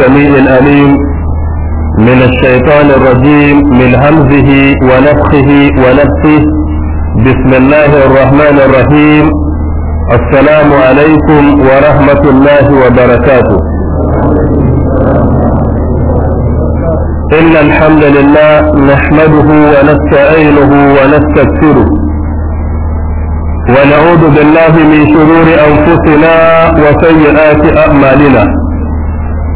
السميع الأليم من الشيطان الرجيم من همزه ونفخه ونفسه بسم الله الرحمن الرحيم السلام عليكم ورحمة الله وبركاته إن الحمد لله نحمده ونستعينه ونستغفره ونعوذ بالله من شرور أنفسنا وسيئات أعمالنا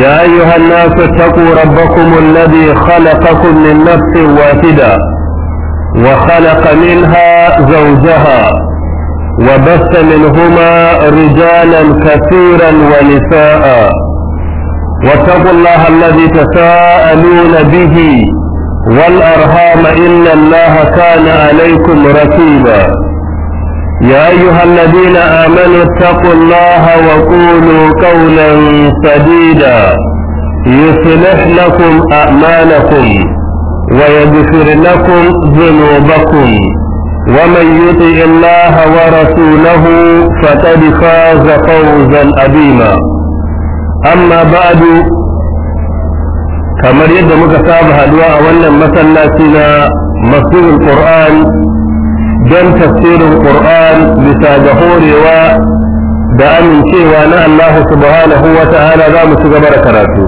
يا أيها الناس اتقوا ربكم الذي خلقكم من نفس واحدة وخلق منها زوجها وبث منهما رجالا كثيرا ونساء واتقوا الله الذي تساءلون به والأرهام إن الله كان عليكم رقيبا يا أيها الذين آمنوا اتقوا الله وقولوا قولا سديدا يصلح لكم أعمالكم ويغفر لكم ذنوبكم ومن يطع الله ورسوله فقد فاز فوزا عظيما أما بعد kamar yadda muka saba haduwa a wannan masallaci na masjidul Qur'an don tafsirin Qur'an bisa ga horewa da amincewa na Allah subhanahu wa ta'ala za mu ci gaba da karatu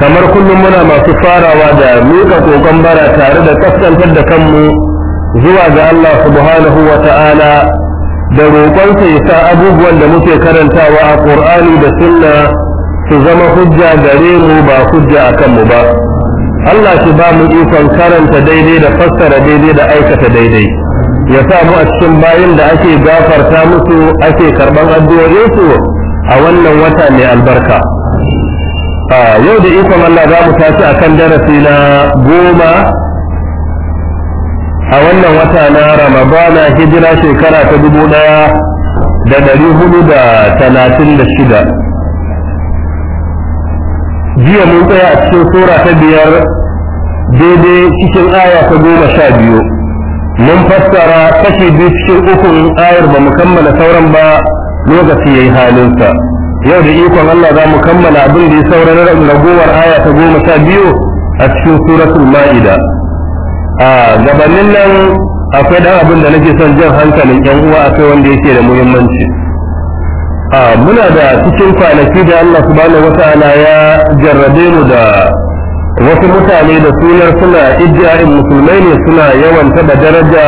kamar kullum muna masu farawa da miƙa kokon bara tare da kaskantar da kanmu zuwa ga Allah subhanahu wa ta'ala da roƙonsa ya sa abubuwan da muke karantawa a Qur'ani da sunna su zama hujja gare mu ba hujja a kanmu ba Allah shi ba mu ikon karanta daidai da fassara daidai da aikata daidai ya sa mu a cikin bayan da ake gafarta musu ake karban addu'o'insu a wannan wata mai albarka yau da ikon Allah za mu tashi akan darasi na goma a wannan wata na Ramadana hijira shekara ta dubu ɗaya da ɗari hudu da talatin da shida jiya mun tsaya a cikin sura ta biyar daidai cikin aya ta goma sha biyu mun fassara kashi biyu cikin ukun ayar ba mu kammala sauran ba lokaci ya yi halinsa yau da ikon Allah za mu kammala abin da ya sauran ragowar aya ta goma sha biyu a cikin suratul ma'ida a gabanin nan akwai dan abin da nake son jan hankalin yan uwa akwai wanda yake da muhimmanci muna da cikin kwanaki da Allah subhanahu wata'ala ya jarrabe mu da wasu mutane da sunar suna ijiyarin musulmai ne suna yawan taba daraja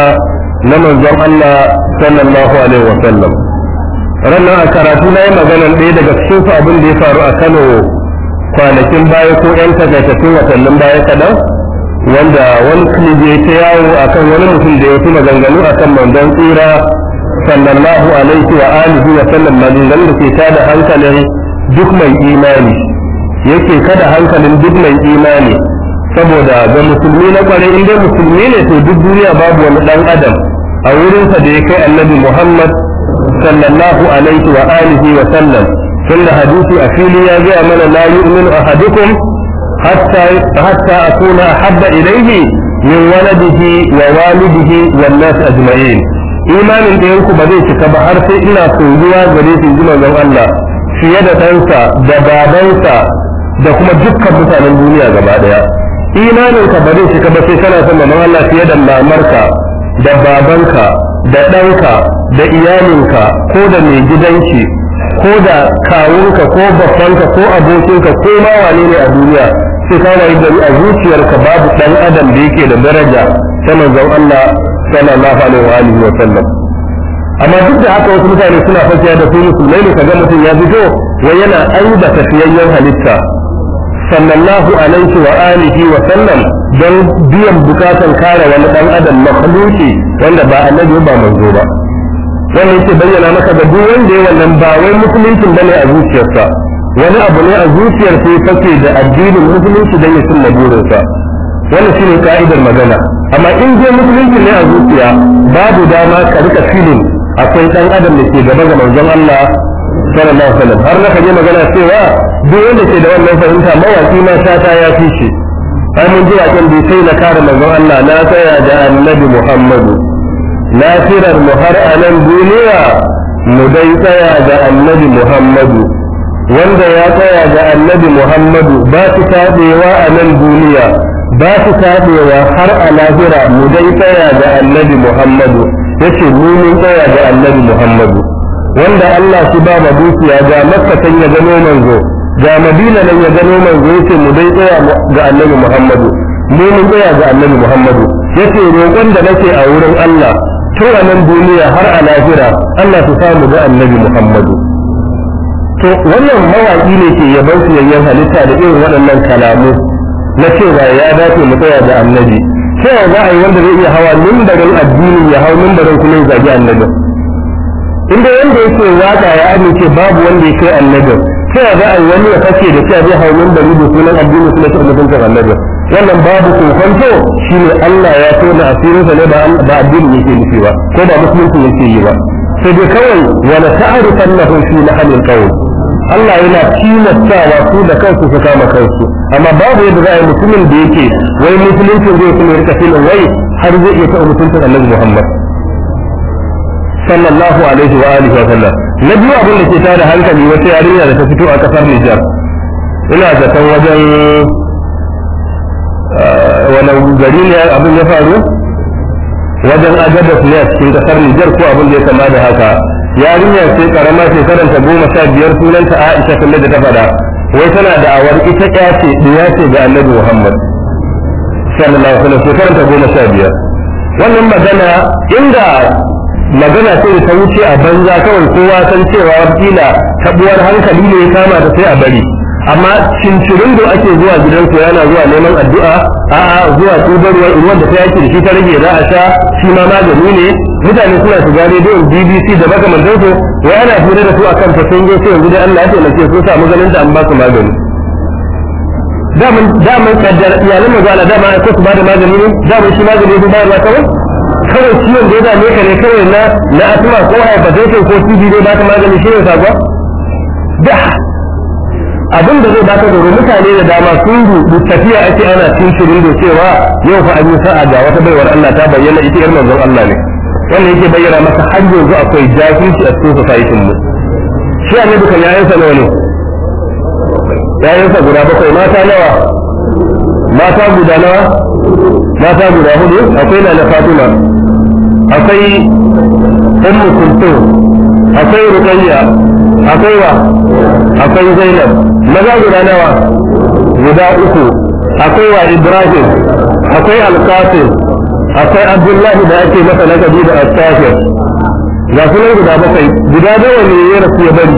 na manzon Allah sallallahu alaihi wasallam ranar a karatu na yi maganar ɗaya daga cikin su abin da ya faru a Kano kwanakin baya ko 'yan takaitattun watannin baya kaɗan wanda wani kuma ya ta yawo akan wani mutum da ya fi maganganu akan manzon tsira sallallahu alaihi wa alihi wa sallam maganganun da ke tada hankalin duk mai imani yake kada hankalin duk mai imani saboda ga musulmi na kware in dai musulmi ne to duk duniya babu wani dan adam a wurinsa da ya kai annabi muhammad sallallahu alaihi wa alihi wa sallam tunda hadisi a fili ya gaya mana la yu'minu ahadukum hatta hatta akuna habba ilayhi min waladihi wa walidihi wan nas ajma'in imanin da yanku ba zai cika ba har sai ina soyuwa gare shi ji manzon Allah fiye da ɗansa da babansa da kuma dukkan mutanen duniya gaba daya imanin ka ba zai cika ba sai kana son manzon Allah fiye da mamarka da babanka da ɗanka da iyalinka ko da mai gidanki ko da kawunka ko babbanka ko abokinka ko ma wane ne a duniya sai kana yi gari a zuciyarka babu ɗan adam da yake da daraja ta zan Allah sallallahu alaihi wa alihi wa sallam amma duk da haka wasu mutane suna fashe da su musulmai ne kaga mutum ya fito wai yana aiba tafiyayyen halitta sallallahu alaihi wa alihi wa sallam don biyan bukatan kare wani dan adam makhluki wanda ba annabi ba manzo ba wannan yake bayyana maka da duk wanda ya wannan ba wai musuluncin bane a zuciyarsa wani abu ne a zuciyar sai take da addinin musulunci don ya cimma burinsa wannan ne ka'idar magana amma in je musulunci ne a zuciya babu dama ka rika filin akwai dan adam da ke gaba ga manzon Allah sallallahu alaihi wasallam har na kaje magana cewa duk wanda ke da wannan fahimta mawaki ma ta ya fi shi ai mun ji akan bi sai na kare manzon Allah na tsaya da annabi Muhammadu na sirar mu har a duniya mu dai tsaya da annabi Muhammadu wanda ya tsaya da annabi Muhammadu ba su tabewa a nan duniya ba su taɓewa har a lahira mu dai tsaya ga annabi muhammadu ya ce mu mun tsaya ga annabi muhammadu wanda allah su ba ma dukiya ga makka can ya gano manzo ga madina nan ya gano manzo ya ce mu dai tsaya ga annabi muhammadu mu mun tsaya ga annabi muhammadu ya ce roƙon da nake a wurin allah tun a nan duniya har a lahira allah su samu ga annabi muhammadu to wannan mawaƙi ne ke yaban siyayyen halitta da irin waɗannan kalamu na cewa ya dace mu tsaya da annabi cewa za a yi wanda zai iya hawa mimbarin addini ya hau mimbarin kuma ya zagi annabin inda wanda yake waka ya amince babu wanda ya kai annabin cewa za a yi wani ya kace da cewa zai hau mimbari da sunan addini kuma shi mutuncin annabin wannan babu kokonto ne Allah ya tona asirinsa ne ba addini yake nufi ba ko ba musulunci yake yi ba sai dai kawai wala ta'rifannahu fi lahamil kawai. Allah yana tilastawa su da kansu su kama kansu amma babu yadda za a yi mutumin da yake wai musulunci zai kuma rika filin wai har zai iya taɓa mutuncin annabi Muhammad sallallahu alaihi wa alihi wa sallam na biyu abin da ke tada hankali wata yarinya da ta fito a kasar Nijar ina zaton wajen eh, wani gari ne abin ya faru wajen agadar ne a cikin kasar Nijar ko abin da ya kama da haka yarinya ce karama shekaran ta goma sha biyar sunanta Aisha kamar da ta faɗa wai tana da awar ita ya ce ce ga Annabi Muhammad sallallahu alaihi wasallam shekaran ta goma sha biyar wannan magana inda magana ce ta wuce a banza kawai kowa san cewa kila tabuwar hankali ne ya kama ta sai a bari amma cincirin da ake zuwa gidansu yana zuwa neman addu'a a'a zuwa tubarwar ruwan da ta yake da shi ta rage za a sha shi ma magani ne mutane suna su gane rediyon bbc da baka su wai ana hira da su akan fasinjo sai yanzu dai allah ya taimake sun samu ganin da an ba su magani daman daman kaddar iyalin mazu ala dama ko su ba da magani ne daman shi magani ne bayarwa kawai kawai ciwon da ya dame ka ne kawai na na asma ko haifatai ko tv ne ba ta magani shi ne sagwa da abin da zai baka doro mutane da dama sun yi tafiya ake ana cin shirin da cewa yau fa an yi sa'a ga wata baiwar Allah ta bayyana ita yar manzon Allah ne wanda yake bayyana masa har yanzu akwai jahilci a cikin society mu shi annabi kan yayin sa nawa ne yayin sa guda bakwai mata nawa mata guda nawa mata guda hudu akwai na na Fatima akwai ummu kulthum akwai ruqayya akwai wa akwai zainab maza guda nawa guda uku akwai wa ibrahim akwai alqasim akwai abdullahi da ake masa lakabi da astafiya ga kuma guda bakwai guda nawa ne ya rasu ya bari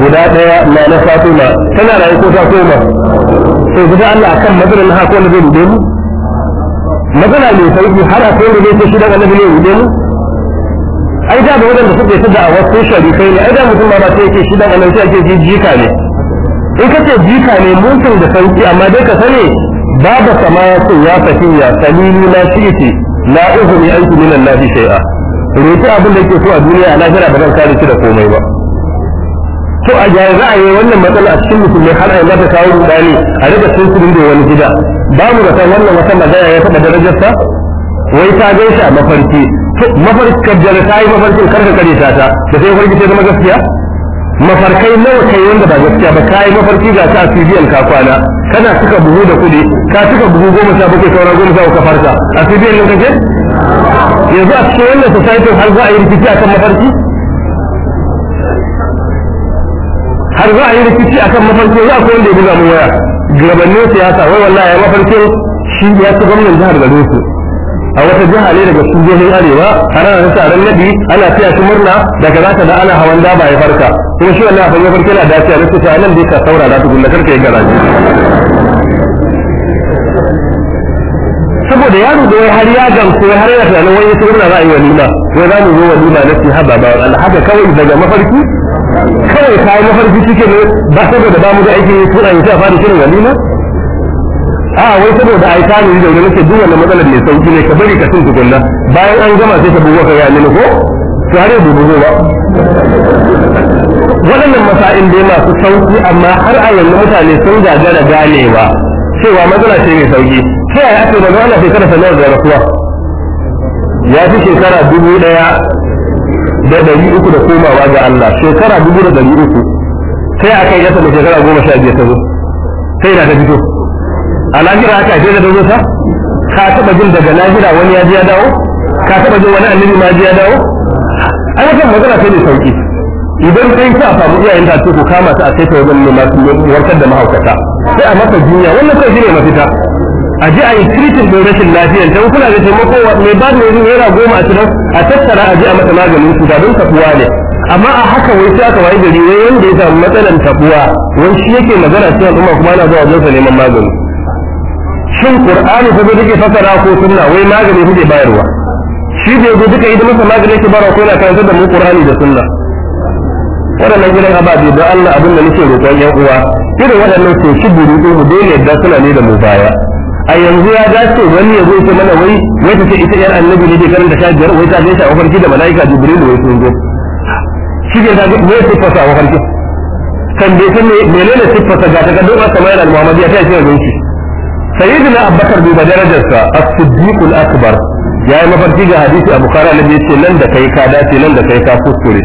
guda daya na na fatima tana rayu ko ta koma sai guda Allah akan madara na hako na zai mu magana mai sauki har a kai rubuce shi daga na ne rubuce mu ai da wadanda suke su da wasu kai ne ai da mutum ma ta yake shi daga annabi sai ake jika ne in ka ce jika ne mun da sauki amma dai ka sani babu sama ya ce ya safiya salili na shi'iti la uzuni anki min Allah shay'a roki abin da yake so a duniya a lahira ba zan kare ci da komai ba to a gyara za a yi wannan matsala a cikin musulmi har a yi mata kawo rudani a rika sun da wani gida babu mu da san wannan wata magana ya taɓa darajarsa wai ta gaishe a mafarki mafarkar ta yi mafarkin karka kare ta ta da sai mafarki sai zama gaskiya mafarkai nawa kai wanda ba gaskiya ba kai mafarki ga ta asibiyan ka kwana kana suka buhu da kudi ka suka buhu goma sha bakwai sauran goma sha ka farka asibiyan nan kake yanzu a cikin wannan society har za a yi rikici akan mafarki har za a yi rikici akan mafarki za ko wanda ya buga mu waya gabanin siyasa wai wallahi mafarkin shi ya ci gwamnan jihar da su a wata jiha ne daga cikin jihohin arewa a ranar ran nabi ana tiya shi murna daga ta da ana hawan daba ya farka kuma shi wannan abin ya farka yana dace a nace ta nan dai ka saurara tukun da karka yi garaji saboda yaro da wai har ya gamsu wai har yana tunanin wani yace murna za a yi walima wai za mu zo walima na ce haba ba alhaka kawai daga mafarki kawai kayan mafarki cikin ne ba saboda ba mu da aiki suna yi ta a fara shirin walima a wai saboda ai ta ne da nake duk wannan matsalar mai sauki ne ka bari ka cin tukunna bayan an gama sai ka bugo ka ya mini ko to har yau bugo ba waɗannan masa'in dai masu sauki amma har a yanzu mutane sun gagara ganewa cewa matsala ce mai sauki sai a yace da wannan shekara sanar da rasuwa ya fi shekara dubu ɗaya da ɗari uku da komawa ga Allah shekara dubu da ɗari uku sai a kai ya samu shekara goma sha biyar ta zo sai na ta fito a lahira haka ake da ta ka taba jin daga lahira wani ya ji ya dawo ka taba jin wani annabi ma ji ya dawo ai kan magana sai da sauki idan kai ka samu iyayen da ko kama ta a kai ta wajen masu warkar da mahaukata sai a masa jinya wannan kai shine mafita a ji a yi tiritin don rashin lafiyar ta kuna da taimako mai ba da yanzu naira goma a cikin a tattara a ji a masa maganin su don tafuwa ne amma a haka wai sai aka wayi gari wai wanda ya samu matsalan tafuwa wai shi yake magana cewa kuma kuma ana zuwa wajen sa neman magani shin qur'ani fa duke fasara ko sunna wai magani kuke bayarwa shi bai zo duka idan masa magani yake bara ko yana karantar da mu qur'ani da sunna waɗannan gidan ababe don Allah abin da nake roƙon yan uwa irin waɗannan to shi buru mu dole yadda suna ne da mu baya a yanzu ya dace wani ya zo ya mana wai wai ta ce ita yar annabi ne ke karanta ta biyar wai ta gaisa a mafarki da mala'ika jibril wai sun zo shi ke zage me su fasa wa farki kan bai san menene su fasa ga ta kaddo ba kamar al-muhammadiyya ta ce ga shi sayyidina abubakar duba darajarsa as-siddiq al-akbar yayi mafarki ga hadisi a bukhari annabi yace nan da kai ka dace nan da kai ka kuskure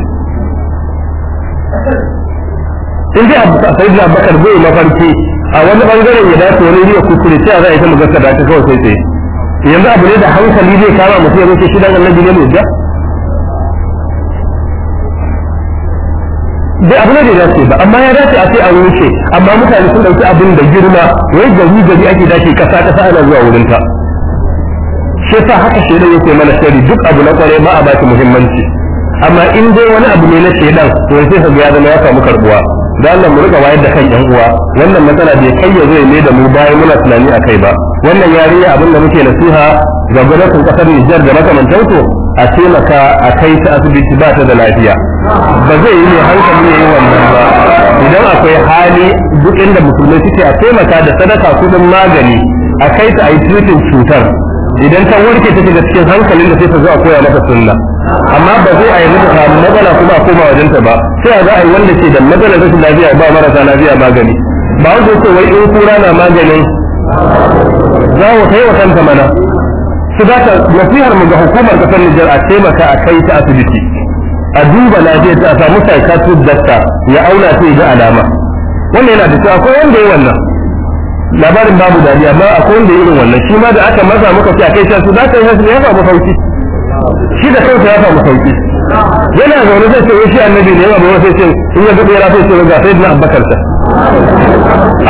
in dai sayyidina abubakar bai mafarki a wani bangaren ya dace wani riya kuskure sai za a yi ta magana da ta kawai sai sai yanzu abu ne da hankali zai kama mutum ya mutu shi dan annabi ne mu da bai abu ne da dace ba amma ya dace a ce a wuce amma mutane sun dauki abin da girma wai gari gari ake dace kasa kasa ana zuwa wurin ta shi yasa haka shedan yake mana shari duk abu na kware ba a ba shi muhimmanci amma in dai wani abu ne na shedan to sai ka gaya zama ya samu karbuwa da Allah mu riga wayar da kan yan uwa wannan matsala bai kai ya zo ne da mu bayan muna tunani akai ba wannan yarinya abin da muke nasiha ga gwamnatin kasar Nijar da makamantansu a taimaka a kai ta asibiti ba ta da lafiya ba zai yi mai hankali ya yi wannan ba idan akwai hali duk inda musulmai suke a taimaka da sadaka kudin magani a kai ta a yi tutin cutar idan ta warke ta shiga cikin hankalin da sai ta koya mata sunna amma ba zai a yi mata samu matsala kuma a koma wajenta ba sai a za a yi wanda ke da matsalar rashin lafiya ba marasa lafiya magani ba wanda ce wai in kura na maganin za mu kai mana su za ta nasihar mu ga hukumar kasar Nijar a taimaka a kai ta asibiti a duba lafiyar ta a samu psychiatric doctor ya aula ta ga alama wannan yana da cewa akwai wanda ya wannan labarin babu dadi amma akwai wanda ya wannan shi ma da aka maza muka ce a kai ta su za ta yi ya samu sauki shi da kansa ya samu sauki yana zaune zai ce eh, shi annabi ne ba wai sai ce in ya ga bera sai ce ga sai na abbakar ta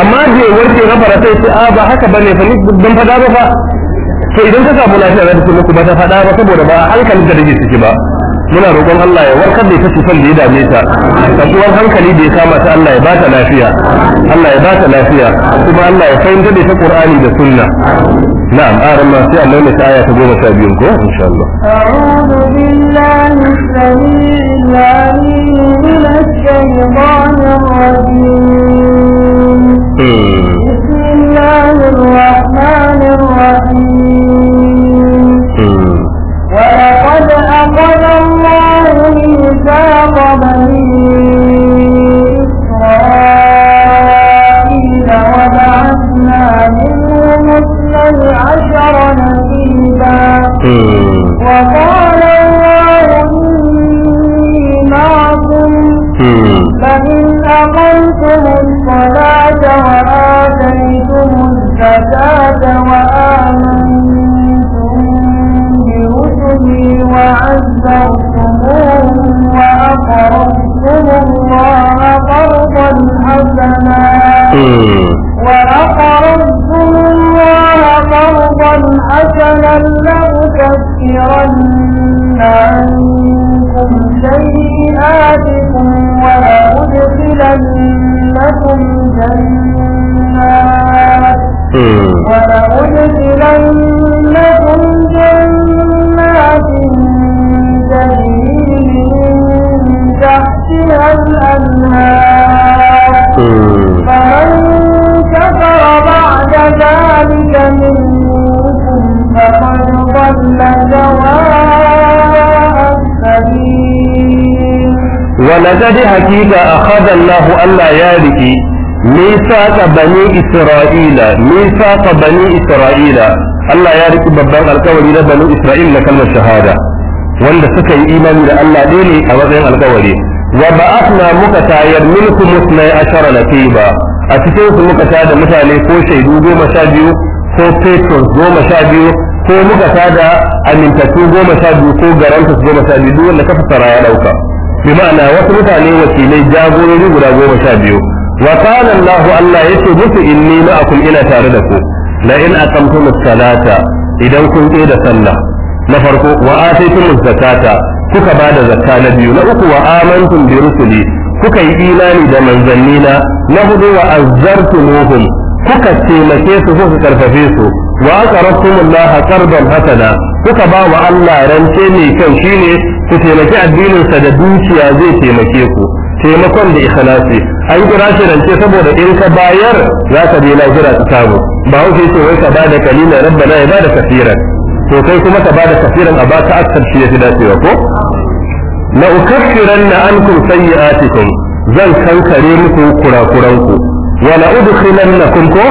amma da warke na fara sai ce a ah, ba haka bane fa ni dan fada ba fa to idan ka samu lafiya za ta kuma ba ta faɗa ba saboda ba hankalin da rage suke ba muna roƙon Allah ya warkar da ita cutar da ya dame ta kasuwar hankali da ya kama ta Allah ya ba ta lafiya Allah ya ba ta lafiya kuma Allah ya fahimta da ta Qur'ani da Sunna na'am aran ma sai Allah ta aya ta goma sha biyu ko insha Allah الناس ولأدخلنكم جنات تجري من تحتها الأنهار فمن كفر بعد ذلك منكم فقد ضل سواء السبيل ولقد حقيقة أخذ الله ألا يالكي misaqa bani isra'ila bani isra'ila Allah ya riki babban alkawari na bani isra'il na shahada wanda suka yi imani da Allah ɗaya ne a matsayin alkawari wa ba'athna muka tayar minkum musnai ashara naqiba a cikin su muka da mutane ko shaidu goma sha biyu ko patrons goma sha biyu ko muka tada amintattu goma sha biyu ko garantus goma sha biyu duk wanda ka fassara ya dauka bi ma'ana wasu mutane wakilai jagorori guda goma sha biyu wa Allah Allah yace musu inni ma'akum ina tare da ku la in aqamtum as-salata idan kun tsaye da sallah na farko wa ataytum az-zakata kuka bada Zaka na biyu na uku wa amantum bi rusuli kuka yi imani da manzanni na na hudu wa azzartumuhum kuka taimake su kuka karfafe su wa aqrabtumullaha qardan hasana kuka ba wa Allah rance mai kyau shine ku taimaki addininsa da dukiya zai taimake ku taimakon da ikhlasi an kira shi rance saboda in ka bayar za ka je lahira ta samu ba wuce ce wai ka bada kalila rabbana ya bada kafiran to kai kuma ka bada kafiran a baka aksar shi ya fi dacewa ko la ukaffiranna ankum sayyi'atikum zan kankare muku kurakuranku wa la udkhilannakum ko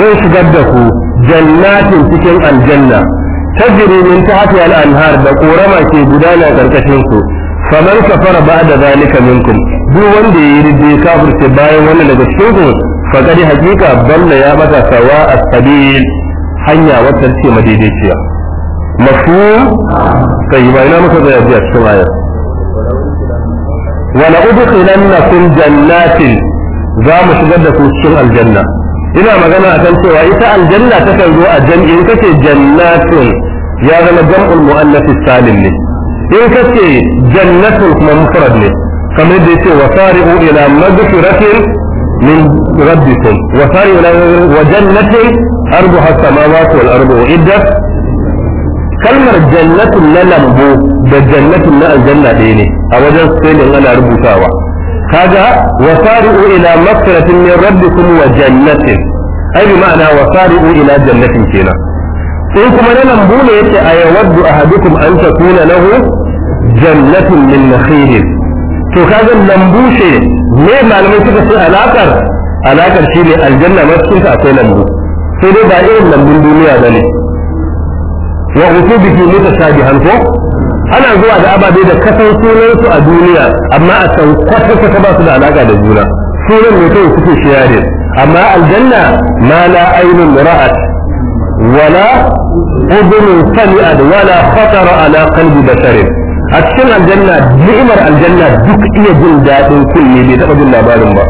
zan shigar da ku jannatin cikin aljanna tajri min tahtiha al-anhar da korama ke gudana karkashin ku faman kafara ba'da zalika minkum duk wanda ya yi riddi kafirce bayan wannan daga cikin ku faqad haqiqa balla ya bata sawa a sabil hanya wata ce madaidaiciya mafhum sai ba ina muka tsaya jiya cikin aya wa la sun jannatin za mu shigar da ku cikin aljanna ina magana akan cewa ita aljanna ta kan zo a jam'in kace jannatin ya zama jam'ul muannath salim ne in kace jannatin kuma mufrad ne kamar da yace wasari'u ila magfiratin min rabbikum wasari'u ila wa jannatin arduha as-samawati wal ardu iddat kalmar jannatin na lambu da jannatin na aljanna ɗaya ne a wajen spelling ana rubutawa kaga wasari'u ila magfiratin min rabbikum wa jannatin ai bi ma'ana wasari'u ila jannatin kenan in kuma na lambu ne yace ayawaddu ahadukum an takuna lahu jannatin min nakhilin to kaga lambu ce me malamai suka ce alakar alakar ne aljanna ma cikin ta akwai lambu sai dai ba irin lambun duniya bane wa usubihi mutashabihan ko ana zuwa da ababe da kasan sunan su a duniya amma a san kwata kwata ba su da alaka da juna sunan ne kai suke ne amma aljanna ma la aynun ra'at wala udhun sami'at wala khatara ala qalbi basharin a cikin aljanna ni'imar aljanna duk iya jin daɗin kunne bai taɓa jin labarin ba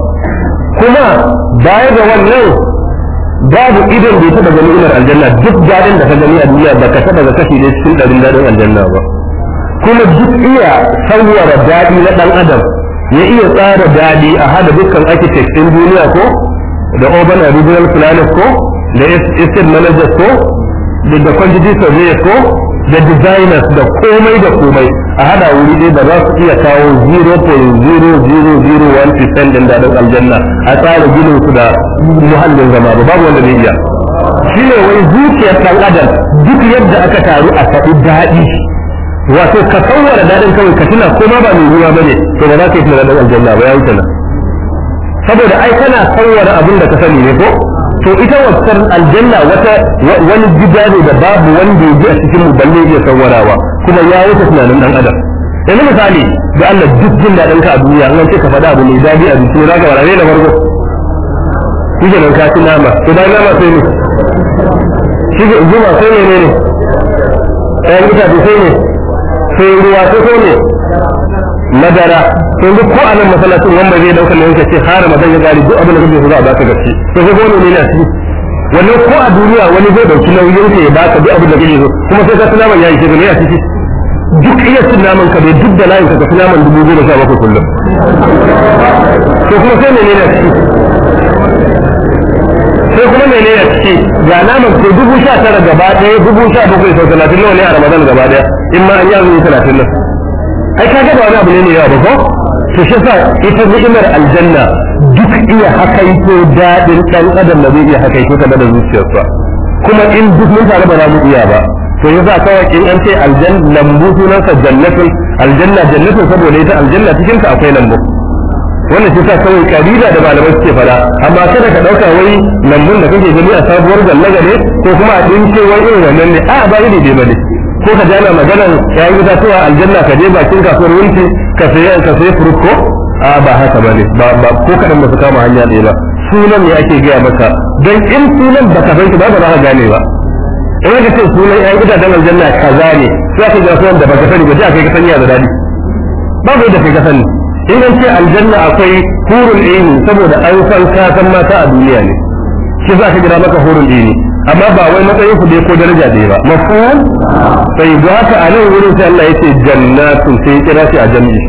kuma baya ga wannan babu idan bai taɓa ga ni'imar aljanna duk daɗin da ka gani a duniya ba ka taɓa ga kashi ne cikin ɗarin daɗin aljanna ba kuma duk iya sauwara daɗi na ɗan adam ya iya tsara daɗi a hada dukkan architect ɗin duniya ko da urban and regional planners ko da estate managers ko da quantity surveyors ko da designers da komai da komai a hada wuri dai da za su iya kawo 0.0001% din daɗin aljanna a tsara ginin su da muhallin zama ba babu wanda zai iya shi ne wai zuciyar ɗan adam duk yadda aka taru a faɗi daɗi wato ka tsawara daɗin kawai ka tuna ko ma ba mai ruwa ba ne to ba za ka yi tunanin aljanna ba ya wuce nan saboda ai kana tsawara abin da ka sani ne ko to ita wancan aljanna wata wani gida ne da babu wanda ya ji a cikin mu balle ya sawarawa kuma ya wuce tunanin dan adam yanzu misali da Allah duk jin daɗin ka a duniya an ce ka faɗa abu mai daɗi a zuciya za ka warare da farko shi ke nan ka ci nama to bayan nama sai ne shi ke zuma sai ne ne ne. ɗayan itace sai ne sai ruwa sai ne madara sai duk ko nan masallacin wanda zai dauka ne yake ce harama zai ya gari duk abin da zai zo a baka gaske sai ga wani ne ne shi wani ko a duniya wani zai dauki nauyin ka ya baka duk abin da zai zo kuma sai ka tuna man yayi ke ne ya ciki duk iya cin naman ka bai duk da layin ka ka tuna man dubu goma sha bakwai kullum to kuma sai ne ne na ciki sai kuma ne ne ya ce ga naman ko dubu sha tara gaba ɗaya dubu sha bakwai sau talatin nawa ne a ramadan gaba ɗaya in ma an yi azumi talatin nan ai ka ga ba wani abu ne ne yawa ba ko to shi ita ni'imar aljanna duk iya hakaito daɗin ɗan adam da zai iya hakaito ta da zuciyarsa kuma in duk mun tare ba za mu iya ba to yasa kawai in an ce aljanna lambu sunansa jannatul aljanna jannatul saboda ita aljanna cikin ta akwai lambu wannan shi ta kawai kabila da malamai suke fada amma kada ka dauka wai lambun da kake gani a sabuwar gallaga ne ko kuma a dinke wai irin wannan ne a ba iri dai bane ko ka jana maganar yayin itatuwa aljanna ka je bakin kasuwar wunci ka sai ka sai furut a ba haka bane ba ba ko kadan ba su kama hanya ɗaya ba sunan ne ake gaya maka dan in sunan ba ka san shi ba ba za ka gane ba in ka ce sunan ƴan gidajen aljanna kaza ne sai ka ga sunan da ba ka sani ba sai ka sani ya da dadi babu yadda kai ka sani in an ce aljanna akwai hurul aini saboda an san ka san mata a duniya ne shi za ka gida maka hurul aini amma ba wai matsayin ku dai ko daraja dai ba mafhum sai da haka a nan wurin sai Allah yace jannatun sai ya kira shi a jami'i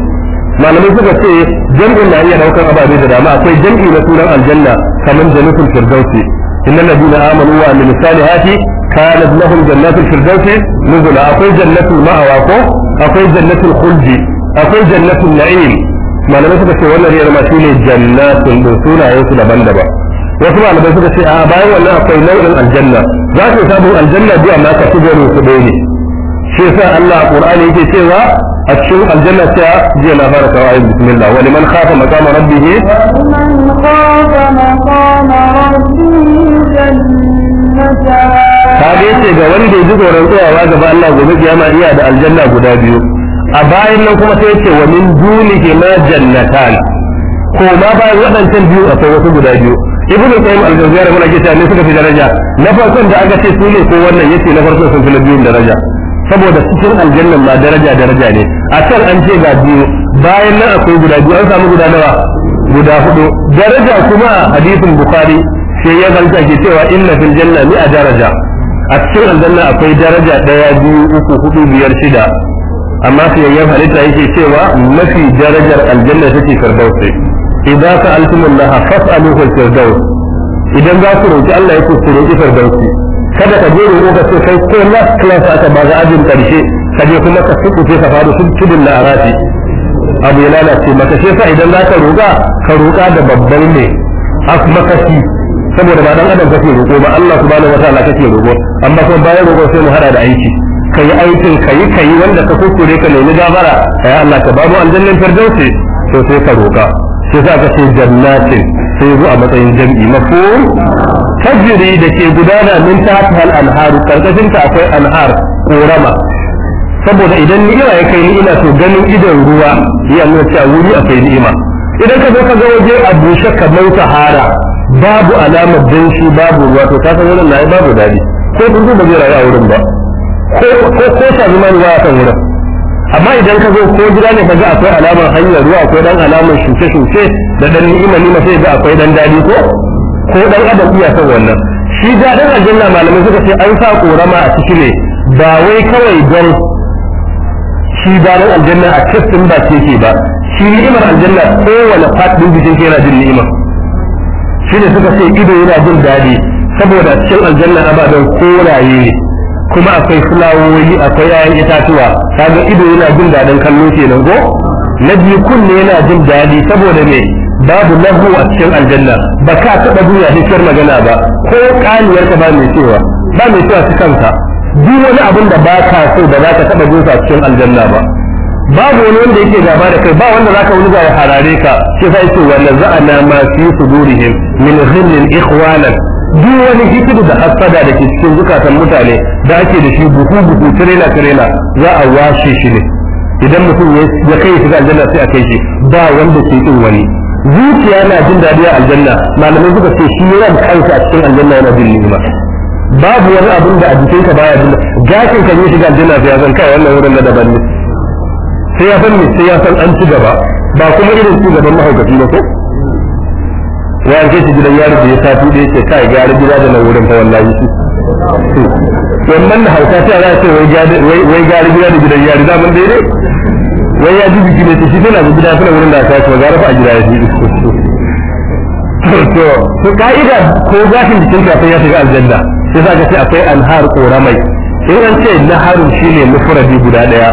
malamai suka ce jami'in na iya daukar ababe da dama akwai jami'i na sunan aljanna kamar jannatul firdausi innal ladina amanu wa amilu salihati kanat lahum jannatul firdausi nuzula akwai jannatul ma'awa ko akwai jannatul khuldi akwai jannatul na'im malamai suka ce wannan riyar ma shine jannatun sunayen su daban-daban wasu malamai suka ce a bayan wannan akwai nau'in aljanna za ka samu aljanna biya ma ka shigo su ɗaya ne shi yasa Allah Qur'ani yake cewa a cikin aljanna ta jiya na fara kawo ayin bismillah wa liman khafa maqama rabbih man khafa maqama rabbih ka ce ga wanda ya ji tsoron tsayawa gaba Allah gobe kiyama iya da aljanna guda biyu a bayan nan kuma sai ce wa min dunihi ma jannatan ko ma bayan waɗancan biyu akwai wasu guda biyu ibnu qayyim al-jawziyya da mulaki ne suka fi daraja na farkon da aka ce su ne ko wannan yace na farkon sun fi na biyun daraja saboda cikin aljannan ma daraja daraja ne a can an ce ga biyu bayan nan akwai guda biyu an samu guda nawa guda hudu daraja kuma a hadisin bukhari sai ya zanta ke cewa inna fil janna mi'a daraja a cikin aljanna akwai daraja daya biyu uku hudu biyar shida amma sai ya halitta yake cewa mafi darajar aljanna take firdaus idan ka fasalu fas'aluhu firdaus idan za ku roki Allah ya kusa roki firdausi kada ka je roƙo ka ce kai ko last class aka ba ga ajin karshe ka je kuma ka sukuce ka faru sun tudun na arafi abu ya lalace maka shi fa idan za ka roƙa ka roƙa da babban ne makashi saboda ba dan adam kake roƙo ba Allah subhanahu wataala kake roƙo amma kuma bayan roƙo sai mu hada da aiki kayi aikin kayi kayi wanda ka kuskure ka nemi gabara kai Allah ka babu aljannan firdausi to sai ka roƙa Sai za ka ce jannatin sai zuwa matsayin jam'i mafhum tajiri da ke gudana min ta al alharu karkashin ta akwai anhar korama saboda idan ni'ima ya kai ni'ima to ganin idon ruwa ya nuna cewa wuri akwai ni'ima idan ka zo ka ga waje a bushe kamar sahara babu alamar danshi babu ruwa to ka san wannan na babu dadi ko kun ba zai rayu a wurin ba ko ko ko sa zama ruwa a kan wurin amma idan ka zo ko gida ne kaga akwai alamar hanyar ruwa akwai dan alamar shuke-shuke da dan ni'ima ma sai ga akwai dan dadi ko ko dan adam iya san wannan shi dadin aljanna malamai suka ce an sa korama a ciki ne ba wai kawai don shi dadin aljanna a cikin ba ce ke ba shi ni'imar aljanna kowane faɗin jikin ke yana jin ni'ima shi ne suka ce ido yana jin dadi saboda cikin aljanna ababen koraye ne kuma akwai fulawoyi akwai 'ya'yan itatuwa kaga ido yana jin daɗin kallo kenan ko na biyu kunne yana jin daɗi saboda me babu lahu a cikin aljanna ba ka taɓa duniya hikiyar magana ba ko ƙaniyar ka ba mai cewa ba mai cewa su kanka duk wani abin da ba ka so ba za ka taɓa jin a cikin aljanna ba babu wani wanda yake gaba da kai ba wanda zaka wani ga ya harare ka sai sai ce wannan za'ana ma fi sudurihim min ghillin ikhwanan duk wani hikidu da hasada da ke cikin zukatan mutane da ake da shi buhu buhu tirela tirela za a washe shi ne idan mutum ya kai shi ga aljanna sai a kai shi ba wanda ke kin wani zuciya na jin daɗi a aljanna malamai suka ce shi yana kansa a cikin aljanna yana jin ni'ima babu wani abin da a jikinka baya jin gashin kan yi shiga aljanna sai ya san kai wannan wurin na daban ne sai ya san sai ya san an ci gaba ba kuma irin ci gaban mahaukaci ba ko wa an kai shi gidan yaro da ya sati da yake kai gyara gida da nan wurin fa wallahi wannan hausa ta za a ce wai gyara gida da gidan yaro da mun daidai wai ya ji biki ne ta shi tana da gida tana wurin da aka yi gara fa a gida ya ji to to ka'ida ko zafin jikin ka ya shiga aljanna sai za ka ce akwai anhar koramai sai an ce naharun shine mufradi guda daya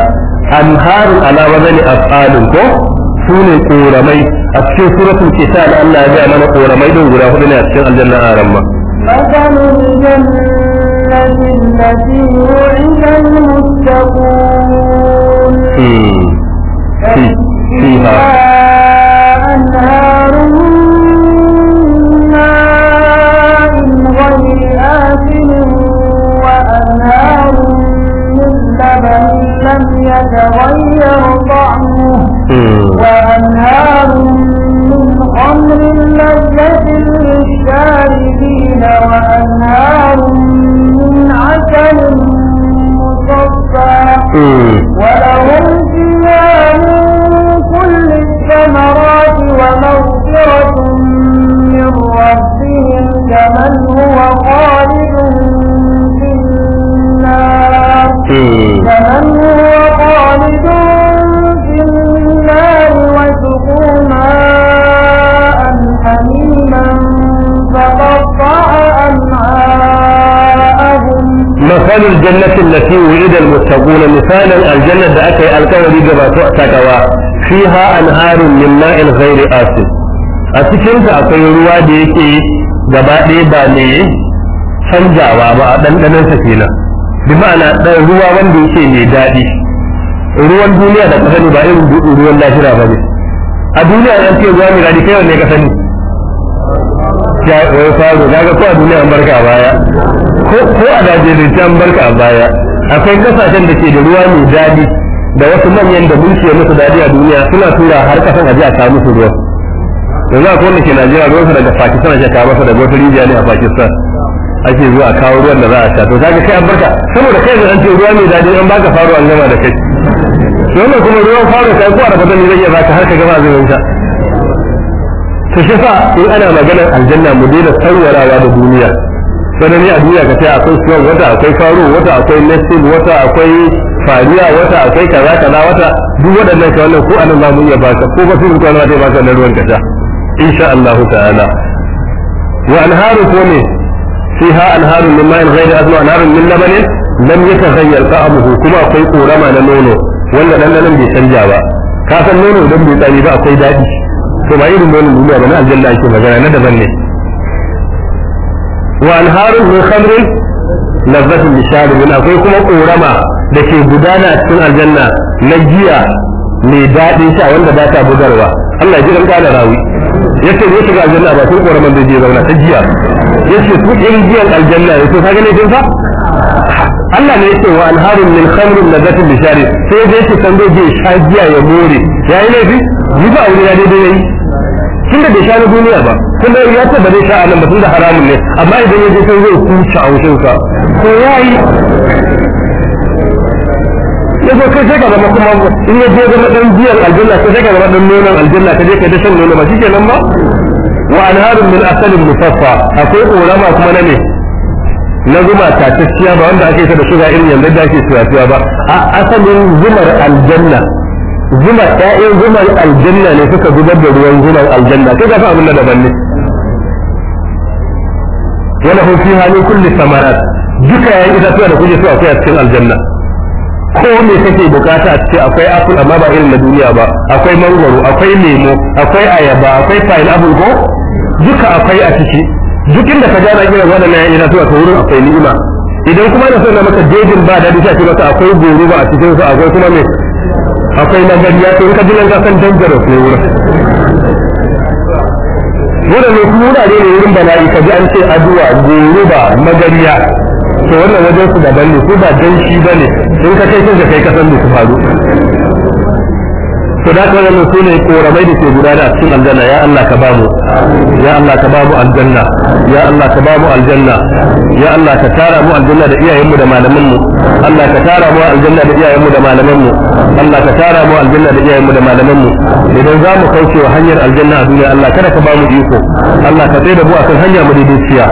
anharun ala wazani af'alun ko sune koramai a cikin suratul kitab Allah ya ga mana koramai din guda hudu ne a cikin aljanna aran ma masalul jannati allati yu'ida al-muttaqun fiha anharun min ma'in ghayri asilin wa anharun min laban lam yataghayyar طعمه وأنهار من خمر لذة للشاربين وأنهار من عسل مصفى ولهم فيها من كل الثمرات ومغفرة من ربهم كمن هو خالد في النار كمن مثل الجنة التي وعد المتقون مثالا الجنة دعك الكوري جباتو تكوا فيها أنهار من ماء غير آسف أتكلم أقول روادي كي جباتي باني canjawa ba a ɗanɗanon kenan bi ma'ana ɗan ruwa wanda yake mai daɗi ruwan duniya da kasani ba irin ruwan lahira ba ne a duniya an ce ruwa mai daɗi kai wanne ka sani ya faru ko a duniya an barka baya ko a Najeriya can barka a baya akwai kasashen da ke da ruwa mai daɗi da wasu manyan da mulki musu daɗi a duniya suna tura har kasan aje a samu su ruwa yanzu akwai wanda ke Najeriya ruwansa daga Pakistan ake kawo masa daga wata rijiya ne a Pakistan ake zuwa kawo ruwan da za a sha to kaga kai an barka saboda kai da an ce ruwa mai daɗi an baka faru an gama da kai wannan kuma ruwan faru kai ko a rafa ne zai iya baka har ka gama zai wanka to shi sa in ana maganar aljanna mu daina tsawarawa da duniya sanani a duniya ka ce akwai suwan wata akwai faru wata akwai nestin wata akwai fariya wata akwai kaza kaza wata duk waɗannan ka wannan ko anan za mu iya baka ko ba su rubuta na zai baka wannan ruwan kasha insha Allah ta'ala wa anharu ko ne fiha anharu min ma'in ghayri asma anharu min labanin lam yataghayyar ta'amuhu kuma akwai korama na nono wanda dan nan bai canja ba ka san nono dan bai tsari ba akwai daɗi to ba irin nonon duniya ba na aljanna ake magana na daban ne wa anharun min khamrin lazzatin lisharibin akwai kuma korama da ke gudana a cikin aljanna na giya mai daɗin sha wanda ba ta bugarwa Allah rawi ya shiga aljanna ba sai koraman da je zauna ta giya yace su irin giyan aljanna ne to kaga ne kin fa Allah ne yake wa anharun min khamrin lazzatin lisharibin sai dai ki kan dai je sha ya more yayi laifi ji ba wuri ya daidai yayi tun da bai sha na duniya ba kuma ya ce ba zai sha a nan ba tun da haramun ne amma idan ya je sai zai kusa a wucinsa ko ya yi ya zo kai sai ka zama kuma in ya je zama dan biyar aljanna sai sai ka zama dan nonon aljanna ka je ka da shan nono ba shi nan ba wa anharun min asalin musaffa akwai korama kuma na ne na zuma tatacciya ba wanda ake sa da shuga irin yanzu da ake siya ba a asalin zumar aljanna zuma ƴaƴan zuman aljanna ne suka zubar da ruwan zuman aljanna kai ga fa abin da daban ne wala hum fiha min kulli samarat duka yayin itatuwa da kuje su akwai a cikin aljanna ko me kake bukata a ce akwai apple amma ba irin na duniya ba akwai mangoro akwai lemo akwai ayaba akwai pineapple ko duka akwai a ciki duk inda ka gana irin waɗannan yayin itatuwa ta wurin akwai ni'ima idan kuma na so na maka jejin ba daɗi sai ce maka akwai ba a cikin su akwai kuma me akwai na to in ka kaji nan kasan dangaro ne wurin ne kuma wurare ne wurin bala'i kaji an ce aduwa goruba magariya to wannan wajen su daban ne su ba danshi ba ne in ka kai kanka kai ka da su faru to da ka wannan su ne koramai da ke gudana a cikin aljanna ya Allah ka bamu ya Allah ka bamu aljanna ya Allah ka ba mu aljanna ya Allah ka tara mu aljanna da iyayenmu da Allah ka tara mu aljanna da iyayenmu da Allah ka tara mu aljanna da da idan za mu kauce wa hanyar aljanna a duniya Allah kada ka ba mu iko Allah ka tsaye da a akan hanya mu daidaiciya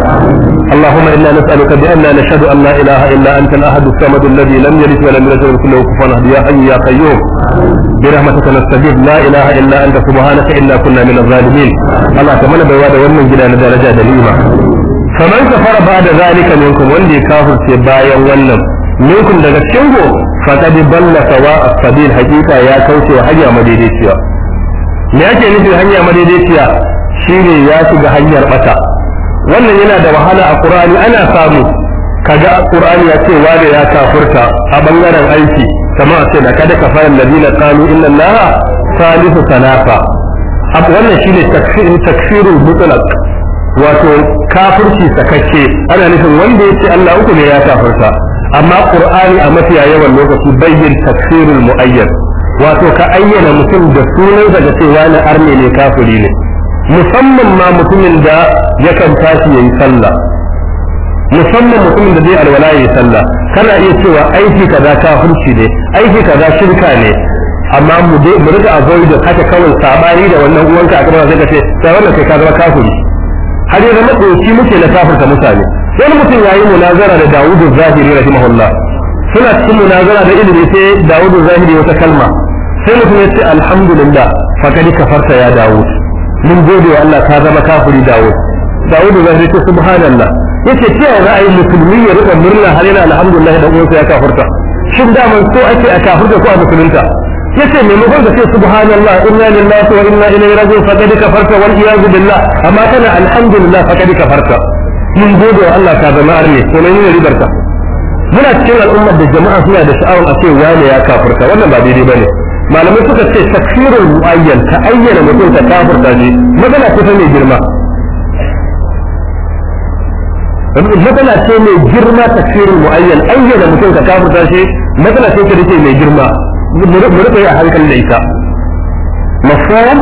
اللهم انا نسالك باننا نشهد ان لا اله الا انت الاحد الصمد الذي لم يلد ولم يولد ولم يكن كفوا احد يا حي يا قيوم برحمتك نستجيب لا اله الا انت سبحانك انا كنا من الظالمين الله تمنى بواد ومن جلال درجه دليل kalma ka fara ba da zalika kuma wanda ya kafirce bayan wannan minkum daga cikin go faqad balla sawa sabil hakika ya kauce wa hanya madaidaiciya me yake nufi hanya madaidaiciya shine ya shiga hanyar bata wannan yana da wahala a qur'ani ana samu kaga qur'ani ya ce wanda ya kafirta a bangaren aiki kamar a ce da kada ka fara ladina qalu inna allaha salisu salafa wannan shine takfirul mutlaq wato kafirci sakakke ana nufin wanda ya ce Allah uku ne ya kafirta amma qur'ani a mafiya yawan lokaci bayyin tafsirul muayyan wato ka ayyana mutum da sunan daga cewa na arne ne kafiri ne musamman ma mutumin da ya kan tashi yayi sallah musamman mutumin da zai alwala yayi sallah kana iya cewa aiki kaza kafirci ne aiki kaza shirka ne amma mu riga mu rika avoid haka kawai sabani da wannan uwanka a kamar zai ka ce sai wannan sai ka zama kafiri har ya zama ɗauki muke na kafirta mutane wani mutum ya yi munazara da dawudu zahiri rahimahullah suna cikin munazara da ilimi sai dawudu zahiri wata kalma sai mutum ya ce alhamdulillah fakadi kafarta ya dawud mun gode wa Allah ka zama kafiri dawud dawudu zahiri ce subhanallah yace ce ya ra'ayi musulmi ya rika murna har yana alhamdulillah da uwansa ya kafarta shin daman so ake a kafirta ko a musulunta yace mugun ka ce subhanallah inna lillahi wa inna ilaihi raji'un faqad kafarta wal iyad billah amma kana alhamdulillah faqad kafarta mun gode wa Allah ka zama arne to ne ne ribar muna cikin al'ummar da jama'a suna da sha'awar a ce wani ya kafirta wannan ba daidai bane malamai suka ce takfirul muayyan ka ayyana mutum ka kafirta shi magana ce mai girma matsala ce mai girma takfirul muayyan ayyana mutum ka kafirta shi matsala ce ta rike mai girma mu rika yi a hankali da ita mafhum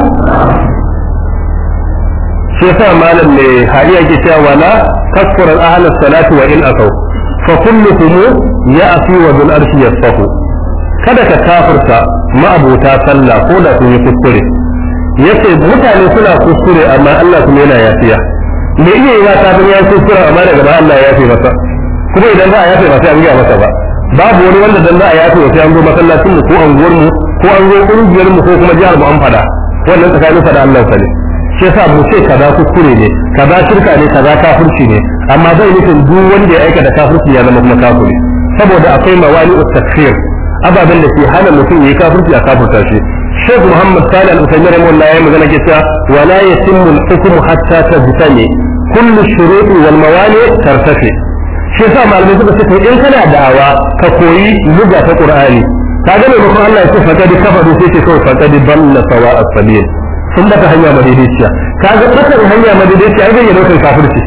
shi yasa malam mai hariya ke cewa wala takfur al salatu wa in asaw fa kullukum ya'fi wa bil arshi yasfahu kada ka kafirta ma'abota sallah ko da kun yi kuskure yace mutane suna kuskure amma Allah kuma yana yafiya me iya yi ya ta amma daga ba Allah ya masa kuma idan a yafe masa an gaya masa ba babu wani wanda dan za a yafe wa sai an zo masallacin mu ko anguwar mu ko an zo kungiyar mu ko kuma jihar mu an fada wannan tsakanin fada Allah sani shi yasa mu ce kaza kuskure ne kaza shirka ne kaza kafirci ne amma zai nufin duk wanda ya aika da kafirci ya zama kuma kafiri saboda akwai mawani takfir ababen da ke hana mutum ya yi kafirci a kafirta shi Sheikh Muhammad Salih Al-Usaimi rahimahullah ya magana ke cewa wala yatimmu al-hukmu hatta tajtami kullu shuruti wal mawali tartafi shi yasa malamai suka ce in kana da'awa ka koyi buga ta qur'ani ka ga maimakon Allah ya ce faqad kafaru sai ce kawai faqad balla sawa as-sabil sun bata hanya madaidaiciya ka ga batar hanya madaidaiciya ai bayyana kan kafirci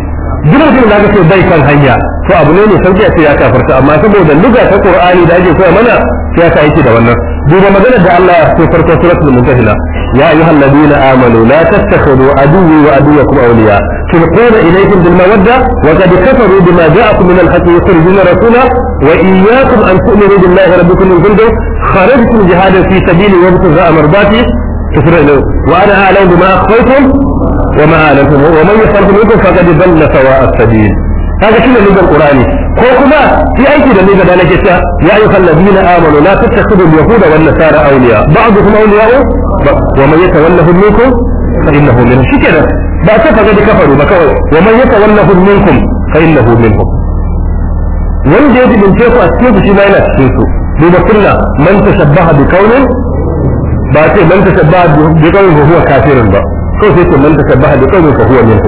duk mutum da ce bai kan hanya to abu ne ne sauki a ce ya kafirta amma saboda luga ta qur'ani da ake koya mana sai ka yi da wannan duba maganar da Allah ya ce farko suratul mumtahila يا أيها الذين آمنوا لا تتخذوا عدوي وعدوكم أولياء تلقون إليكم بالمودة وقد كفروا بما جاءكم من الحق يخرجون رسولا وإياكم أن تؤمنوا بالله ربكم من كنتم خرجتم جهادا في سبيلي وابتغاء مرضاتي تفرعوا وأنا أعلم بما أخفيتم وما أعلمتم ومن يخرج منكم فقد ضل سواء السبيل kaga shine lugar qur'ani ko kuma shi aiki da lugar da nake cewa ya ayyuhal ladina amanu la tattakhidul yahuda wan nasara awliya ba'dhum awliya'u wa man yatawallahum minkum fa innahu minhum shikenan ba ta faga da kafaru ba kawai wa ya jibince ku a cikin su shi ma yana cikin su duba kulla man tashabbaha bi qaumin ba sai man tashabbaha bi ko huwa kafirun ba ko sai ce man tashabbaha bi qaumin ko huwa minhum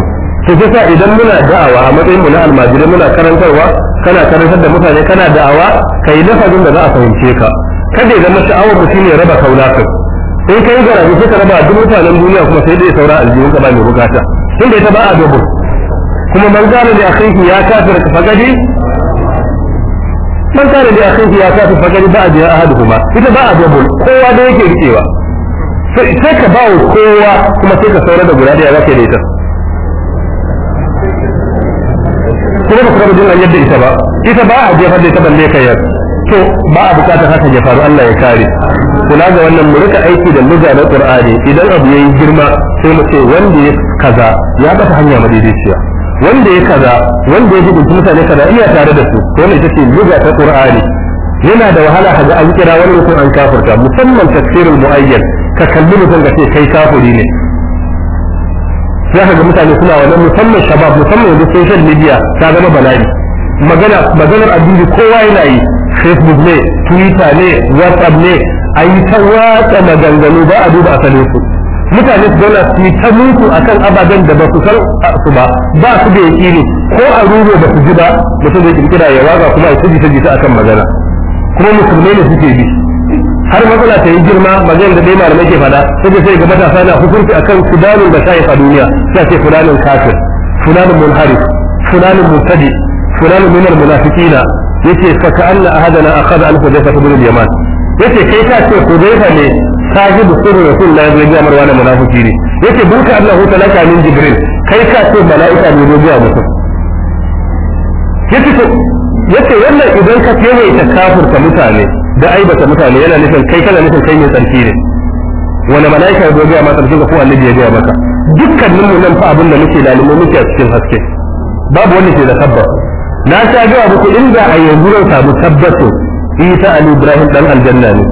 to kisa idan muna da'awa a matsayin mu na almajiri muna karantarwa kana karantar da mutane kana da'awa kai lafazin da za a fahimce ka kada ya zama sha'awa mu shine raba kaulatin in kai garabi sai ka raba duk mutanen duniya kuma sai dai saura aljihun ka ba mai bukata tun da ita ba a dubu kuma man gane da akhihi ya kafir ka fagadi man gane da akhihi ya kafir fagadi ba a biya ahaduhuma ita ba a dubu kowa da yake rikewa sai ka ba kowa kuma sai ka saura da guda da ya zaka da ita kuma ba ku taɓa jin yadda ita ba ita ba a jefar da ita balle ka yar to ba a bukatar haka ya faru Allah ya kare kula ga wannan mu aiki da luga na Qur'ani idan abu yayi girma sai mu ce wanda ya kaza ya bata hanya madidiciya wanda ya kaza wanda ya gudu mutane kaza iya tare da su to ne ce luga ta Qur'ani yana da wahala kaga an kira wani mutum an kafirta musamman tafsirul muayyan ka kalli mutum ka ce kai kafiri ne za ka ga mutane suna wani musamman shabab musamman yanzu social media ta zama bala'i magana maganar addini kowa yana yi facebook ne twitter ne whatsapp ne a yi ta watsa maganganu ba a duba asalin su mutane su zauna su yi ta mutu akan ababen da ba su san su ba ba su da ne ko a rubo ba su ji ba mutum zai kirkira ya waga kuma ya ta jita jita akan magana kuma musulmai ne suke bi har matsala ta yi girma magana da dai malamai ke fada sai sai ga matasa na hukunci akan fulanin da shayi a duniya sai ce fulanin kafir fulanin mulhari fulanin mutadi fudanin minar munafiqina yace fa ka anna ahadana akhadha an hudayfa ibn al-yaman yace kai ka ce hudayfa ne sahibu sirri rasulullahi sallallahu alaihi wasallam wani munafiki ne yace burka Allah na min jibril kai ka ce mala'ika ne zai zuwa mutum yace yace wannan idan ka kewaye ta kafirta mutane da aibata mutane yana nufin kai kana nufin kai mai tsarki ne wani mala'ika ya gaya ma tsarki ko annabi ya gaya maka dukkanin mu nan fa abin da muke lalimo muke a cikin haske babu wanda ke da tabbas na sha ga muku inda a yi zan samu tabbato Isa Ali Ibrahim dan aljanna ne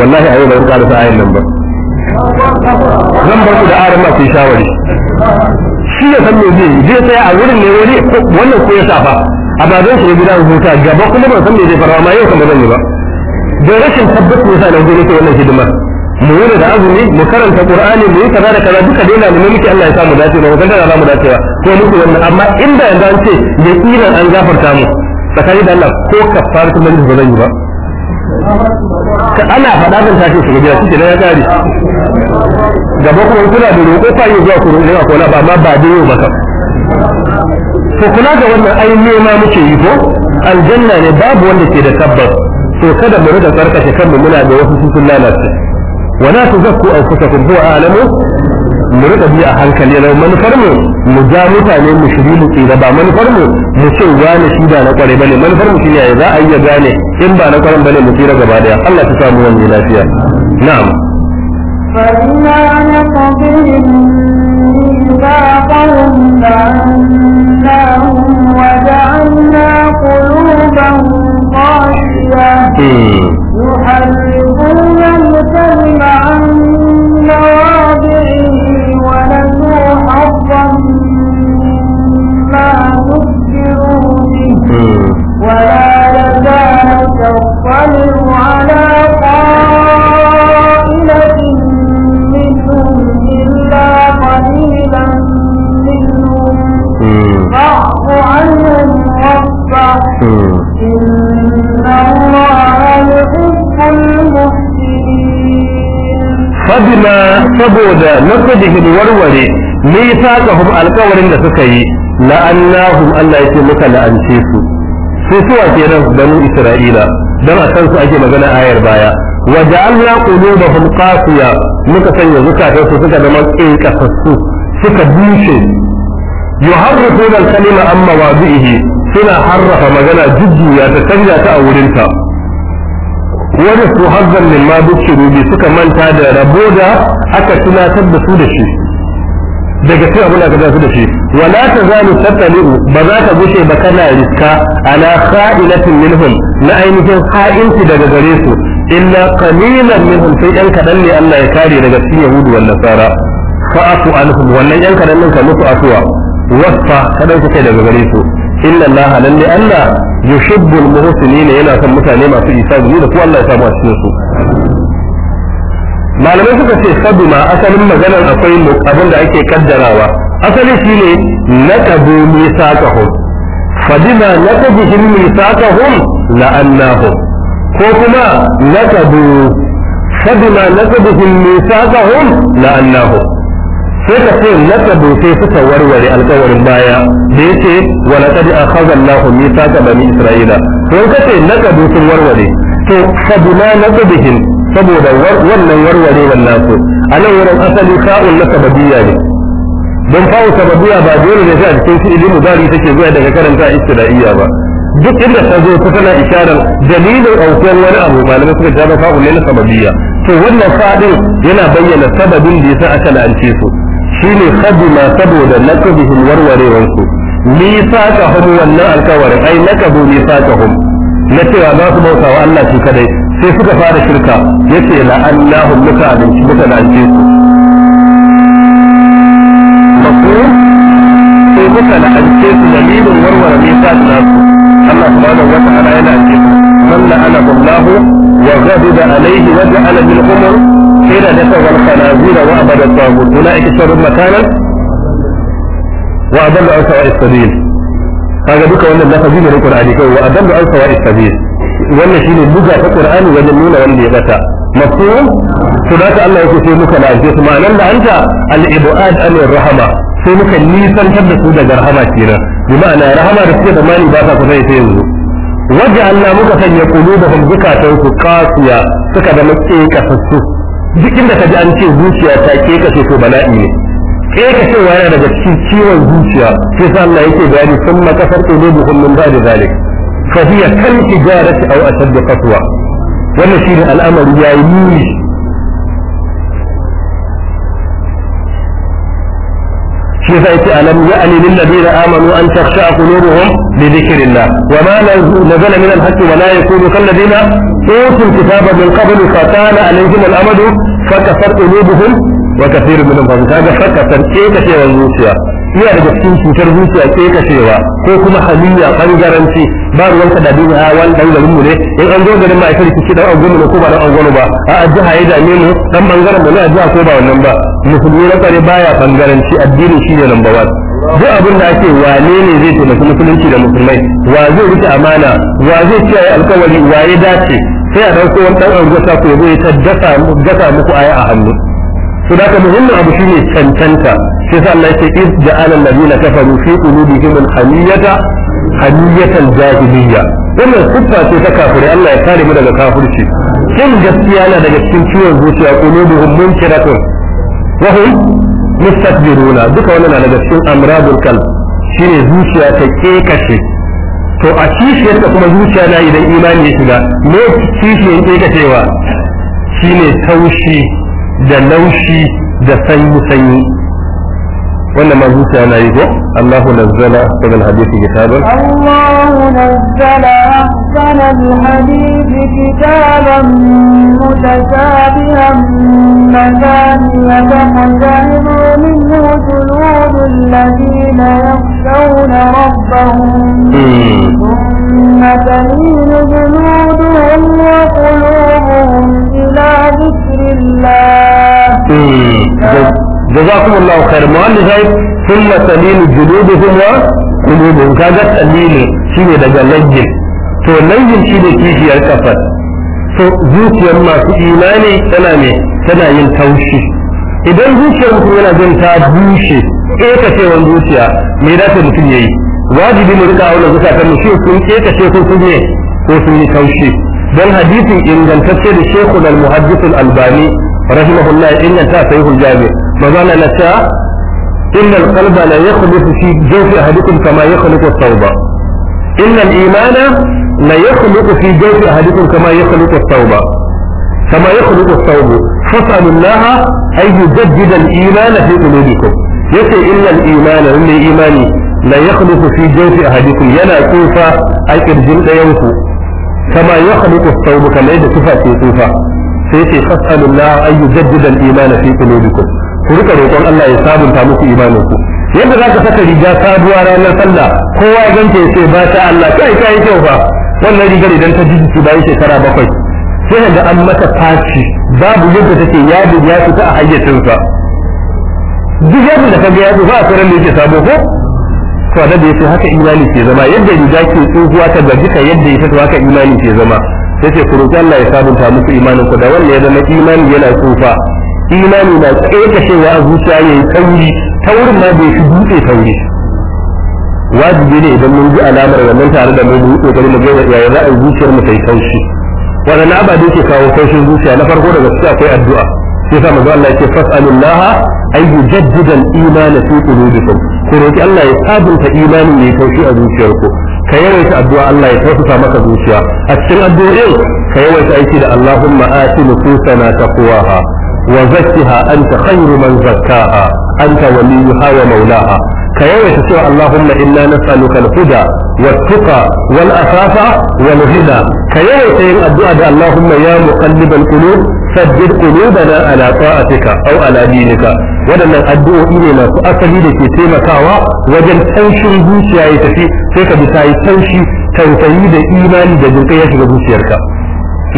wallahi a yau ban karasa ayin nan ba zan bar ku da arama ku shawari shi ya san me zai zai tsaya a wurin ne wani wannan ko ya safa a baban shi ya gida huta gaba kuma ban san me zai farawa ma yau kan ba zan yi ba da rashin tabbata yasa nan gurin ta wannan hidima mu yi da azumi mu karanta qur'ani mu yi kaza da kaza duka dai mu muke Allah ya samu dace da wannan da za mu dacewa ko muku wannan amma inda yanzu an ce kira an gafarta mu tsakani da Allah ko kafaratu man ba zan yi ba ka ana faɗa kan tashi shiga gida shi da ya kare gaba kuma kuna da roƙo fa yi zuwa kuro ne akwai ba amma ba dai yau ba ka to kula ga wannan ai nema muke yi ko aljanna ne babu wanda ke da tabbas to kada mu rika karkashe kanmu muna da wasu sun lalace wala tuzakku anfusakum huwa a'lamu mu rika bi a hankali na manufar mu mu ja mutane mu shiri mu tsira ba manufar mu mu ce gane shi da na kware bane manufar mu shine za a iya gane in ba na kwaren bane mu tsira gaba daya Allah ta samu wannan lafiya na'am فبما نقضهم ميثاقهم لعناهم وجعلنا قلوبهم خالية يحرفون الكلم عن مواضعه ونسوا حظا مما ذكروا به ولا يزال تطلع على قائلة منهم إلا قليلا منهم فاعف عنهم واصفح fadila saboda nasabihin warware ne ta kahum alkawarin da suka yi la'annahum Allah ya ce muka la'ance su su suwa kenan banu Isra'ila dan a san ake magana ayar baya wa ja'alna qulubahum qasiya muka sanya zukatan su suka zama kasassu suka bushe yuharrifuna al-kalima amma mawadihi suna harrafa magana jujjuya ta canja ta a wurinta wani su hazzan min ma bukiru bi suka manta da rabo da aka tunatar da su da shi daga cikin abin da aka tunatar da shi wala ta zalu tattali'u ba za ta gushe ba kana riska ala kha'ilatin minhum na ainihin ha'inci daga gare su illa qalilan minhum sai yan kadan ne Allah ya kare daga cikin yahudu wal nasara fa'afu anhum wannan yan kadan nan ka musu afuwa wasfa kadan kai daga gare su inna laha lalle allah yuhibbul muhsinin yana son mutane masu isani da ku Allah ya samu a malamai suka ce saduma asalin maganar akwai abin da ake kaddarawa asali shine naqabu misaqahum fadima naqabuhum misaqahum la'annahum ko kuma naqabu fadima naqabuhum misaqahum la'annahum sai ka ce nasabu sai suka warware alkawarin baya da yake wa laqad akhadha ta ga bani Isra'ila to ka ce nasabu sun warware to sabuna bihin saboda wannan warware wannan su nan wurin asali ka'un nasabiyya ne don fa'u sababiyya ba dole ne sai a cikin fi'ili zari take zuwa daga karanta Isra'ila ba duk inda ta zo ta tana isharar dalilin aukuwar wani abu malamai suka ja ba fa'u ne na sababiyya to wannan fa'adin yana bayyana sababin da sa aka la'ance su shine khadima saboda nakabihim warwarewar su misaqahum wannan alkawarin ai nakabu misaqahum na cewa za su bauta wa Allah shi kadai sai suka fara shirka yace la annahum muka abinci muka da su sai muka da ance su dalilin warware misaq nasu Allah subhanahu wata ana yana ce man la'anahu Allah wa da alaihi wa ja'ala bil umur حين نسوا الخنازير وأبد الطاغوت أولئك شر مكانا وأضل an سواء السبيل هذا duka wannan lafazi ne na Qur'ani kai wa adallu an sawa'i sabil wannan shine buga ta Qur'ani wajen nuna wanda ya bata mafhum to da Allah yake sai muka lafiya su ma'anar da anta al-ibad an rahama sai muka nisantar da su daga rahama kenan bi ma'ana rahama da suke da mani ba sa kusa sai yanzu Waje Allah muka sanya qulubahum zukatan su qasiya suka da mutse kasassu duk inda ka ji an ce zuciya ta ke kashe to bala'i ne ke kashewa yana daga cikin ciwon zuciya sai sa Allah yake bayani sun makasar qulubuhum min ba'di zalik fa hiya kal tijarati aw ashaddu qaswa wannan shine al'amari yayi nuni shi yasa yace alam ya'ni lil ladina amanu an takhsha qulubuhum li dhikrillah wa ma nazala min al-haqqi wa la yakunu kal ladina أوتوا الكتاب من قبل فطال عليهم الأمد فكفر قلوبهم وكثير منهم فاسقون هذا فكفت كيف شيء الزوجية iya daga cikin cutar zuciya ke kashewa ko kuma haliya bangaranci ba ruwanka da duniya a wani dan garin mu ne in an zo garin ma'aikar kici dan angon ne ko ba dan angon ba a ajiha ya dame mu dan bangaren da ne ajiha ko ba wannan ba musulmi na kare baya bangaranci addini shi ne number one duk abin da ake wane ne zai taimaki musulunci da musulmai wa zai rike amana wa zai kiyaye alkawari wa ya dace sai a dauko wani dan angwasa ko zai ta dasa gasa muku aya a hannu to da muhimmin abu shine cancanta sai sa Allah yake iz ja'ala alladhina kafaru fi qulubihim al-hamiyata hamiyatan jahiliyya wannan kufa ce ta kafirai Allah ya kare mu daga kafirci kin gaskiya na daga cikin ciwon zuciya qulubuhum munkiratun wa hum mustakbiruna duka wannan na daga cikin amradul qalb shine zuciya ta kekashe to a kishiyar da kuma zuciya na idan imani ya shiga me kishiyar ke ka cewa shine taushi da laushi da sanyi sanyi wannan ma zuciya na yi ko Allahu nazzala min hadisi kitaban Allahu nazzala ahsan al-hadisi kitaban mutashabihan madaniya tahzanu minhu qulub alladhina yakhshawna rabbahum ثم تلين جنودهم وقلوبهم إلى ذكر الله jazakum Allah khair ma wanda sai thumma talilu juluduhum wa qulubuhum kaga talilu shine daga lajjin to lajjin shine kishiyar kafar to zuciyar masu imani tana tana yin taushi idan zuciyar mutum yana jin ta bushe ƙetacewar zuciya me da mutum yayi wajibi mu rika auna zukatan mu shi sun ƙetace ko sun ne ko sun yi taushi dan hadisin ingantacce da Sheikhul Al-Muhaddith Al-Albani rahimahullah inganta sahihul Jami' فقال لك إن القلب لا يخلط في جوف أحدكم كما يخلط الثوبة إن الإيمان لا يخلط في جوف أحدكم كما يخلط الثوبة كما يخلط الثوب فسألوا الله أن يجدد الإيمان في قلوبكم يسي إن الإيمان إن إيماني لا يخلط في جوف أحدكم يلا كوفا أي كرجلت يوفو كما يخلط الثوب كما يجد كفا في كوفا فسألوا الله أن يجدد الإيمان في قلوبكم ku rika roƙon Allah ya sabunta muku imanin ku yadda zaka saka riga sabuwa ranar sallah kowa ganta ya ce ba ta Allah kai kai kyau ba wannan rigar idan ta jiji bayan shekara bakwai sai da an mata faci babu yadda take yadi ya fita a hayyacinsa duk yadda da kaga yadi ba a tsaron da yake sabo ko to da sai haka imani ke zama yadda riga ke tsohuwa ta gaji ka yadda ita to haka imani ke zama sai ce ku roƙi Allah ya sabunta muku imaninku, da wannan ya zama imani yana tsufa imani na ƙeƙashewa a zuciya ya yi tauri taurin ma bai fi dutse tauri wajibi ne idan mun ji alamar wannan tare da mu mu kokari mu gaya yaya za a yi zuciyar mu ta yi taushi wadannan ababe ke kawo kaushin zuciya na farko daga cikin akwai addu'a sai sa manzo Allah yake jaddidan ay yujaddida iman fi qulubikum ku roki Allah ya sabunta imanin ne taushi a zuciyarku ka yawaita addu'a Allah ya tausasa maka zuciya a cikin addu'o'in ka yawaita aiki da Allahumma ati nufusana taqwaha وزكها أنت خير من زكاها أنت وليها ومولاها كيوم تسوى اللهم إنا نسألك الهدى والتقى والأفاف والغنى كيوم تين الدعاء اللهم يا مقلب القلوب ثبت قلوبنا على طاعتك أو على دينك waɗannan addu'o'i ne masu asali da ke taimakawa wajen taushin zuciya ya tafi sai ka bi ta yi taushi tausayi da imani da jinkai ya shiga zuciyarka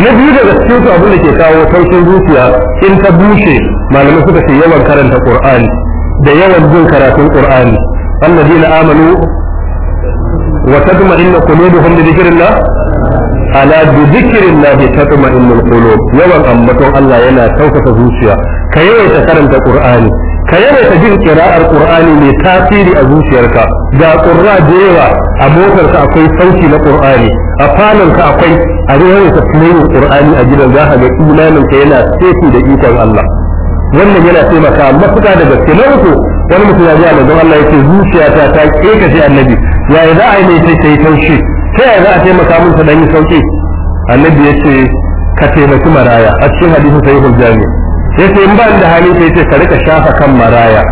na biyu daga cikin su abin da ke kawo taushin zuciya in ta bushe malamai suka ce yawan karanta qur'ani da yawan jin karatun qur'ani alladina amanu wa tatma'innu qulubuhum bi dhikrillah ala bi dhikrillah tatma'innul qulub yawan ambaton Allah yana tausasa zuciya ka yawaita karanta qur'ani ka yawaita jin kira'ar qur'ani mai tasiri a zuciyarka ga qurra yawa a motarka akwai sauki na qur'ani a falonka akwai a yawaita tunanin qur'ani a gidan za ka ga imanin ka yana sefi da ikon Allah wannan yana taimaka matuƙa da gaske na uku wani mutum ya ji manzon Allah ya ce zuciyata ta kekace annabi yaya za a yi ne sai yi taushe ta yaya za a taimaka mun sa dan yi sauki annabi ce ka taimaki maraya a cikin hadisin sahihul jami' sai sai in da hali sai ce ka rika shafa kan maraya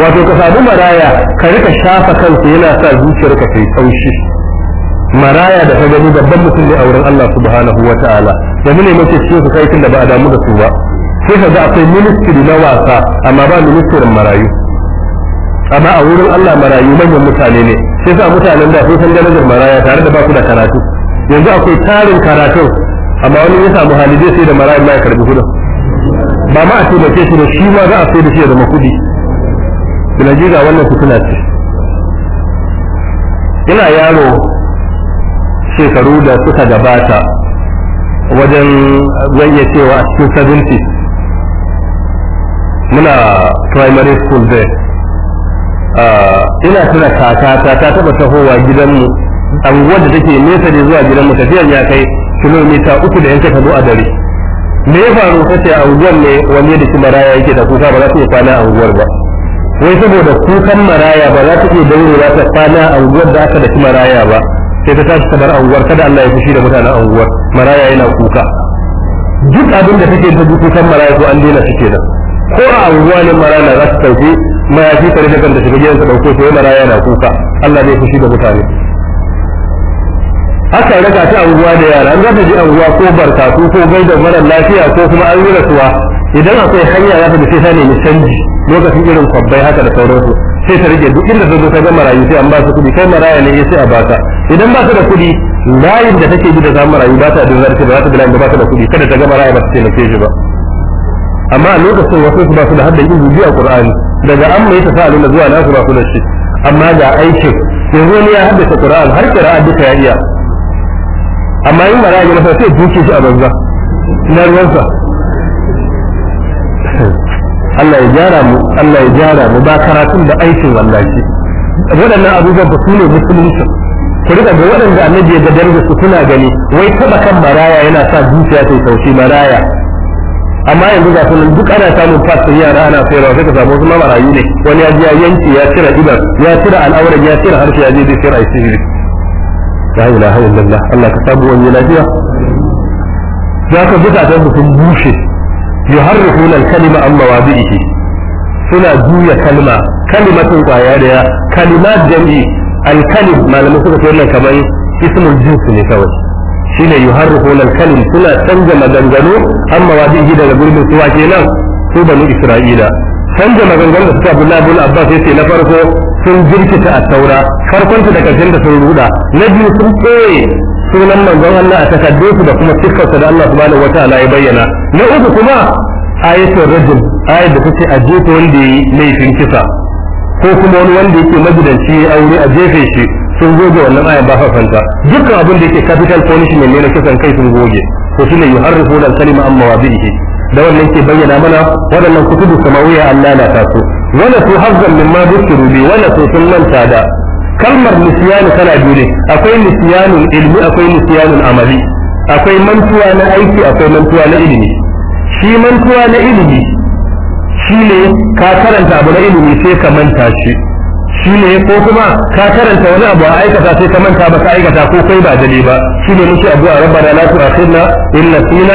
wato ka samu maraya ka rika shafa kansa yana sa zuciyarka ta yi taushi maraya da ka gani babban mutum ne a wurin Allah subhanahu wa ta'ala mu ne mace cikin su kai tun da ba a damu da su ba sai ka ga akwai ministry na wasa amma ba ministerin marayu amma a wurin Allah marayu manyan mutane ne sai sa mutanen da sun san darajar maraya tare da ba ku da karatu yanzu akwai tarin karatu amma wani ya samu hali zai sai da marayu ma ya karbi kudin ba ma a ce da ke shi da shi ma za a sai da shi da makudi bilaji ga wannan suna ce ina yaro shekaru da suka gabata wajen zanye cewa a cikin sabinci muna primary school there ah, ina tuna kakata ta taba tahowa gidanmu anguwar da take nesa da zuwa gidanmu tafiyar ya kai kilomita uku da yanka ta a dare me ya faru ta ce a unguwar ne wani da shi maraya yake da kuka ba za su iya kwana a unguwar ba wai saboda kukan maraya ba za ta iya daure za su kwana a unguwar da aka da shi maraya ba sai ta tashi kamar unguwar kada Allah ya fushi da mutanen unguwar maraya yana kuka duk abin da take da kukan maraya ko an daina shi da? ko a unguwa ne maraya za ta sauke mayafi tare da kan da shiga gidansa dauko sai maraya na kuka Allah zai fushi da mutane haka raka ta anguwa da yara an zata je anguwa ko barkatu ko gai da mara lafiya ko kuma an yi rasuwa idan akwai hanya za ta da sai ta nemi canji lokacin irin kwabbai haka da sauransu sai ta rage duk inda zai zo ta ga marayu sai an ba su kuɗi kai maraya ne sai a ba baka idan ba su da kuɗi layin da take bi da za marayu ba ta da zarfi ba za ta da inda ba ta da kuɗi kada ta ga maraya ba ta na shi ba amma a lokacin wasu su ba su da haddan yin biyu a qur'ani daga an mai ta sa'alun zuwa nasu ba su da shi amma ga aikin yanzu ne ya haddace qur'an har qira'a duka ya iya amma in ba za yi masa sai duke shi a banza na ruwansa Allah ya gyara mu Allah ya gyara mu ba karatun da aikin wallahi waɗannan abubuwan ba su ne musulunci ku riga ga waɗanda annabi ya gadar da su suna gani wai taba kan maraya yana sa zuciya ta sauki maraya amma yanzu ga sunan duk ana samun fasin yara ana sayarwa sai ka samu wasu marayu ne wani ya ji ya yanki ya cire ibar ya cire al'aurar ya cire harshe ya je zai cire a la ilaha illallah Allah ka samu wani lafiya za ka zukatan su mutum bushe yuharrifuna al-kalima amma wadihi suna juya kalma kalimatin kwaya daya kalimat jam'i al-kalim malamin suka ce wannan kamar ismul jins ne kawai shine yuharrifuna al-kalim suna canza maganganu amma wadihi daga gurbin suwa kenan su banu isra'ila canza maganganu da suka Abdullah ibn Abbas yace na farko sun jirkita a saura farkon da daga da sun ruda na biyu sun tsoye sunan manzon Allah a su da kuma siffarsa da Allah subhanahu wataala ya bayyana na uku kuma ayatul rajul ayat da kusa a jefe wanda yayi laifin kisa ko kuma wani wanda yake majidanci ya aure a jefe shi sun goge wannan ayan ba fafanta dukkan abin da yake capital punishment ne na kisan kai sun goge yi shine yuharrifuna al-kalima amma wabihi da wannan ke bayyana mana waɗannan kutubu samawiyya Allah na taso wala su مما ذكروا به dukkuru bi كلمة sun manta da kalmar نسيان tana dure نسيان akwai nisyanun ilmi akwai nisyanun amali akwai mantuwa na aiki akwai mantuwa na ilimi shi mantuwa na ilimi shi ka karanta abu na ilimi sai ka manta shi shi ne ko kuma ka karanta wani abu a aikata sai ka manta ba ka aikata ko kai ba dali ba shi ne muke abu a rabbana la tu'akhidna in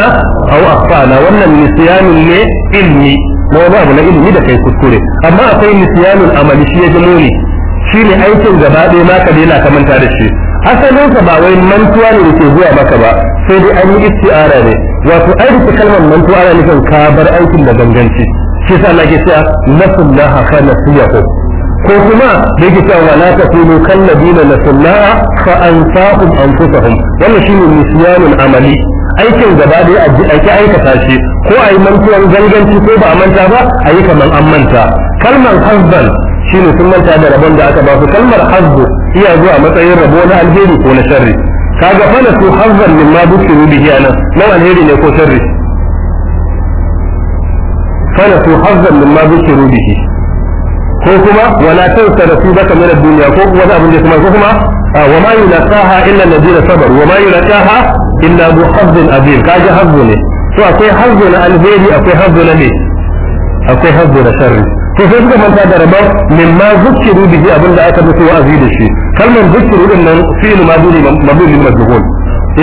aw akhtana wannan nisyanun ne ilmi na wani abu na ilimi da kai kuskure amma akwai misiyanin amali shi ya ji muni shi ne aikin gaba ɗaya naka daina ka manta da shi asalinsa ba wai mantuwa ne ke zuwa maka ba sai dai an yi isti'ara ne wato aiki kalmar mantuwa ana nufin ka bar aikin da ganganci shi sa na ke cewa nasullaha na nasiyahu ko kuma da yake cewa wala takunu kallabina nasullaha fa ansahum anfusahum wannan shine misiyanin amali aikin gaba dai a ake aikata shi ko a yi mantuwan ganganci ko ba a manta ba a yi kamar an manta kalmar husband shine sun manta da rabon da aka ba su kalmar hasbu iya zuwa matsayin rabo na alheri ko na sharri kaga fa su hazzan min ma bukiru bihi anan nan alheri ne ko sharri fa su hazzan min ma bukiru bihi ko kuma wala tansa su baka mai duniya ko kuma wani abin da kuma ko kuma wa ma yulaqaha illa alladhina sabaru wa ma yulaqaha illa bu hazzun azim kaji hazzu ne to akwai hazzu na alheri akwai hazzu na ne akwai hazzu na sharri to sai suka manta da rabar mimma zukkiru bihi abinda aka musu wa'azi da shi kalmar zukkiru din nan fi'il maduri mabdul majhul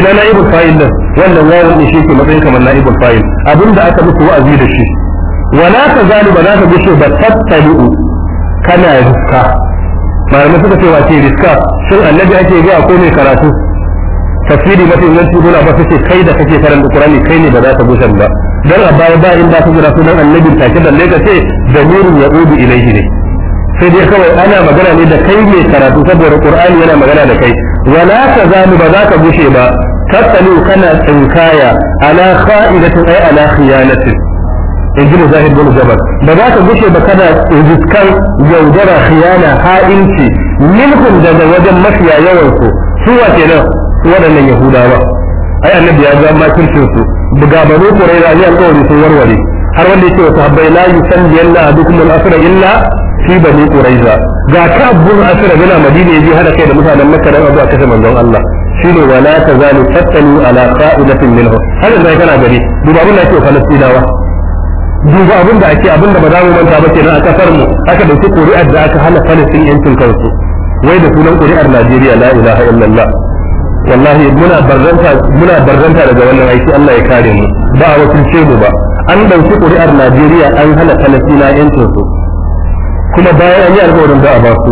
ina na'ibul fa'il din wannan wawun din shi ke matsayin kamar na'ibul fa'il abinda aka musu wa'azi da shi wala ta zalu ba za ta gushe ba tattabi'u kana riska malamai suka ce wace ake ga ko mai karatu tafsiri mafi inganci nuna ba ce kai da kake karanta Qur'ani kai ne ba za ka gushan ba dan a baya ba inda ka gura sunan annabin take da ne kace ya ubi ilaihi ne sai dai kawai ana magana ne da kai mai karatu saboda Qur'ani yana magana da kai wala ka zamu ba za ka gushe ba tattalu kana tsinkaya ala kha'idatin ay ala khiyanatin in ji zahir bin jabal ba za ka gushe ba kana rizkan yaudara khiyana ha'inci minkum daga wajen mafiya yawan ku suwa wa kenan su waɗannan yahudawa ai annabi ya ga makircin su buga banu qurayza ya alƙawari sun warware har wanda yake wa sahabbai la yusalli illa bikum al-asra illa fi bani qurayza ga ka abun asra yana madina yaji hada kai da mutanen makka dan abu a kashe manzon Allah shine wala tazalu tattalu ala qa'idatin minhum har dai kana gari duba abin da yake falastinawa duba abin da ake abin da ba za mu manta ba kenan a kasar mu aka dauki kuri'ar da aka hana falastin yancin kansu wai da sunan kuri'ar Najeriya la ilaha illallah wallahi muna barzanta muna barzanta daga wannan aiki Allah ya kare mu ba a ce mu ba an dauki ƙuri'ar Najeriya an hana Falastina yancin su kuma bayan an yi alƙawarin da a ba su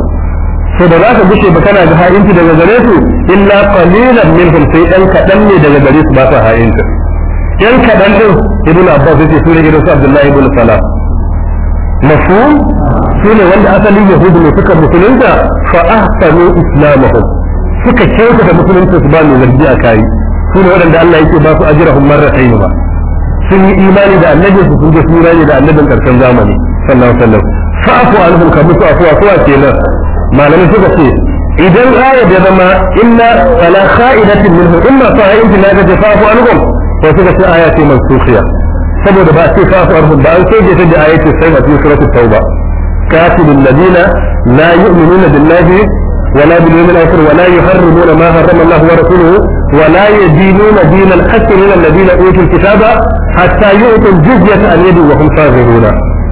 to da za ka gushe ba kana ga ha'inci daga gare su illa qalilan minhum sai dan kadan ne daga gare su ba sa ha'inci yan kadan din ibnu abbas yace sune gidan su abdullahi ibn salah mafhum sune wanda asalin yahudu ne suka musulunta fa ahsanu islamahum suka kyauta da musulunci su ba mai zargi a kai su ne waɗanda Allah yake ba su ajrahum marratayn ba sun yi imani da annabi su sun ga sunani da annabin karshen zamani sallallahu alaihi wasallam fa'fu anhum kamu su afwa kuwa kenan malamai suka ce idan aya da zama inna ala kha'idatin minhu imma fa'in la da fa'fu anhum sai suka ce aya ce mansukhiya saboda ba ce fa'fu anhum ba an sai da ta da aya ce sai a cikin suratul tauba قاتل الذين لا يؤمنون بالله ولا باليوم الآخر ولا يحرمون ما حرم الله ورسوله ولا يدينون دين الحق من الذين أوتوا الكتاب حتى يؤتوا الجزية عن يد وهم صاغرون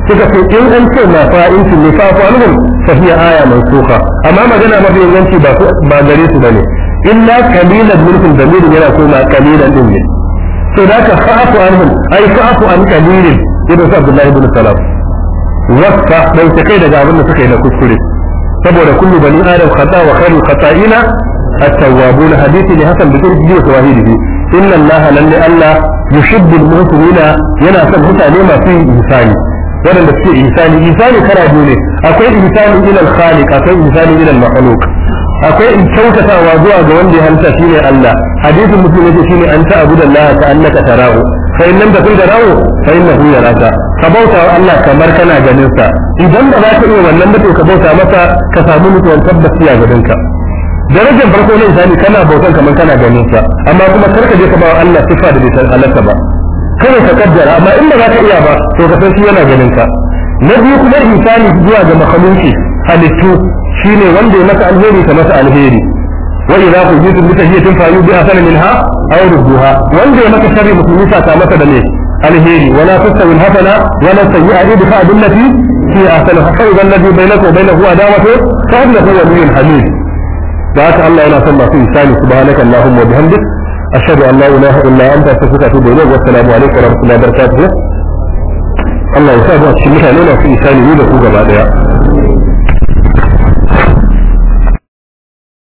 suka in an ce ma fa'incin ne fa fa'alhum fa hiya aya mansuha amma magana mafi inganci ba ba gare su bane illa qalilan minhum damirin yana koma qalilan din ne to da ka fa'afu anhum ai fa'afu an qalilin ibn Abdullah ibn Salam kai daga abin da suka yi na kuskure saboda kullu bani adam khata wa khairul khata'ina at-tawwabun hadisi ne hasan bi turki wa tawhidi inna allaha lalle allah yuhibbul muhsinina yana son mutane masu ihsani wadanda suke ihsani ihsani kara biyu ne akwai ihsani ila al-khaliq akwai ihsani ila al-makhluq akwai in kyautatawa zuwa ga wanda ya hanta shine Allah hadisin muslim yake shine an ta'budu allaha ka annaka tarahu fa in lam takun tarahu fa innahu yaraka ka bauta wa Allah kamar kana ganin sa idan ba za ka iya wannan ba ka bauta masa ka samu mutuwan tabbaciya a garin ka darajar farko na insani kana bautan kamar kana ganin sa amma kuma kar ka je ka ba Allah sifa da bai halatta ba kada ka kaddara amma in ba za ka iya ba to ka san shi yana ganin ka na biyu kuma insani zuwa ga makhluki halittu shine wanda ya masa alheri ka masa alheri wa idza quditum bi tahiyatin fa yubi asana minha aw rudduha wanda ya maka sharri musulmi saka masa da ne alheri wana tastawi alhasana wala sayyi'a idfa billati fi ahsana fa idza alladhi bainaka wa bainahu adawatu fa inna huwa waliyyun hamid da haka Allah yana son masu isani subhanaka allahumma wa bihamdik ashhadu an la ilaha illa anta astaghfiruka wa atubu ilayk wa assalamu alaykum wa rahmatullahi cikin mutane masu isani ne da ku gaba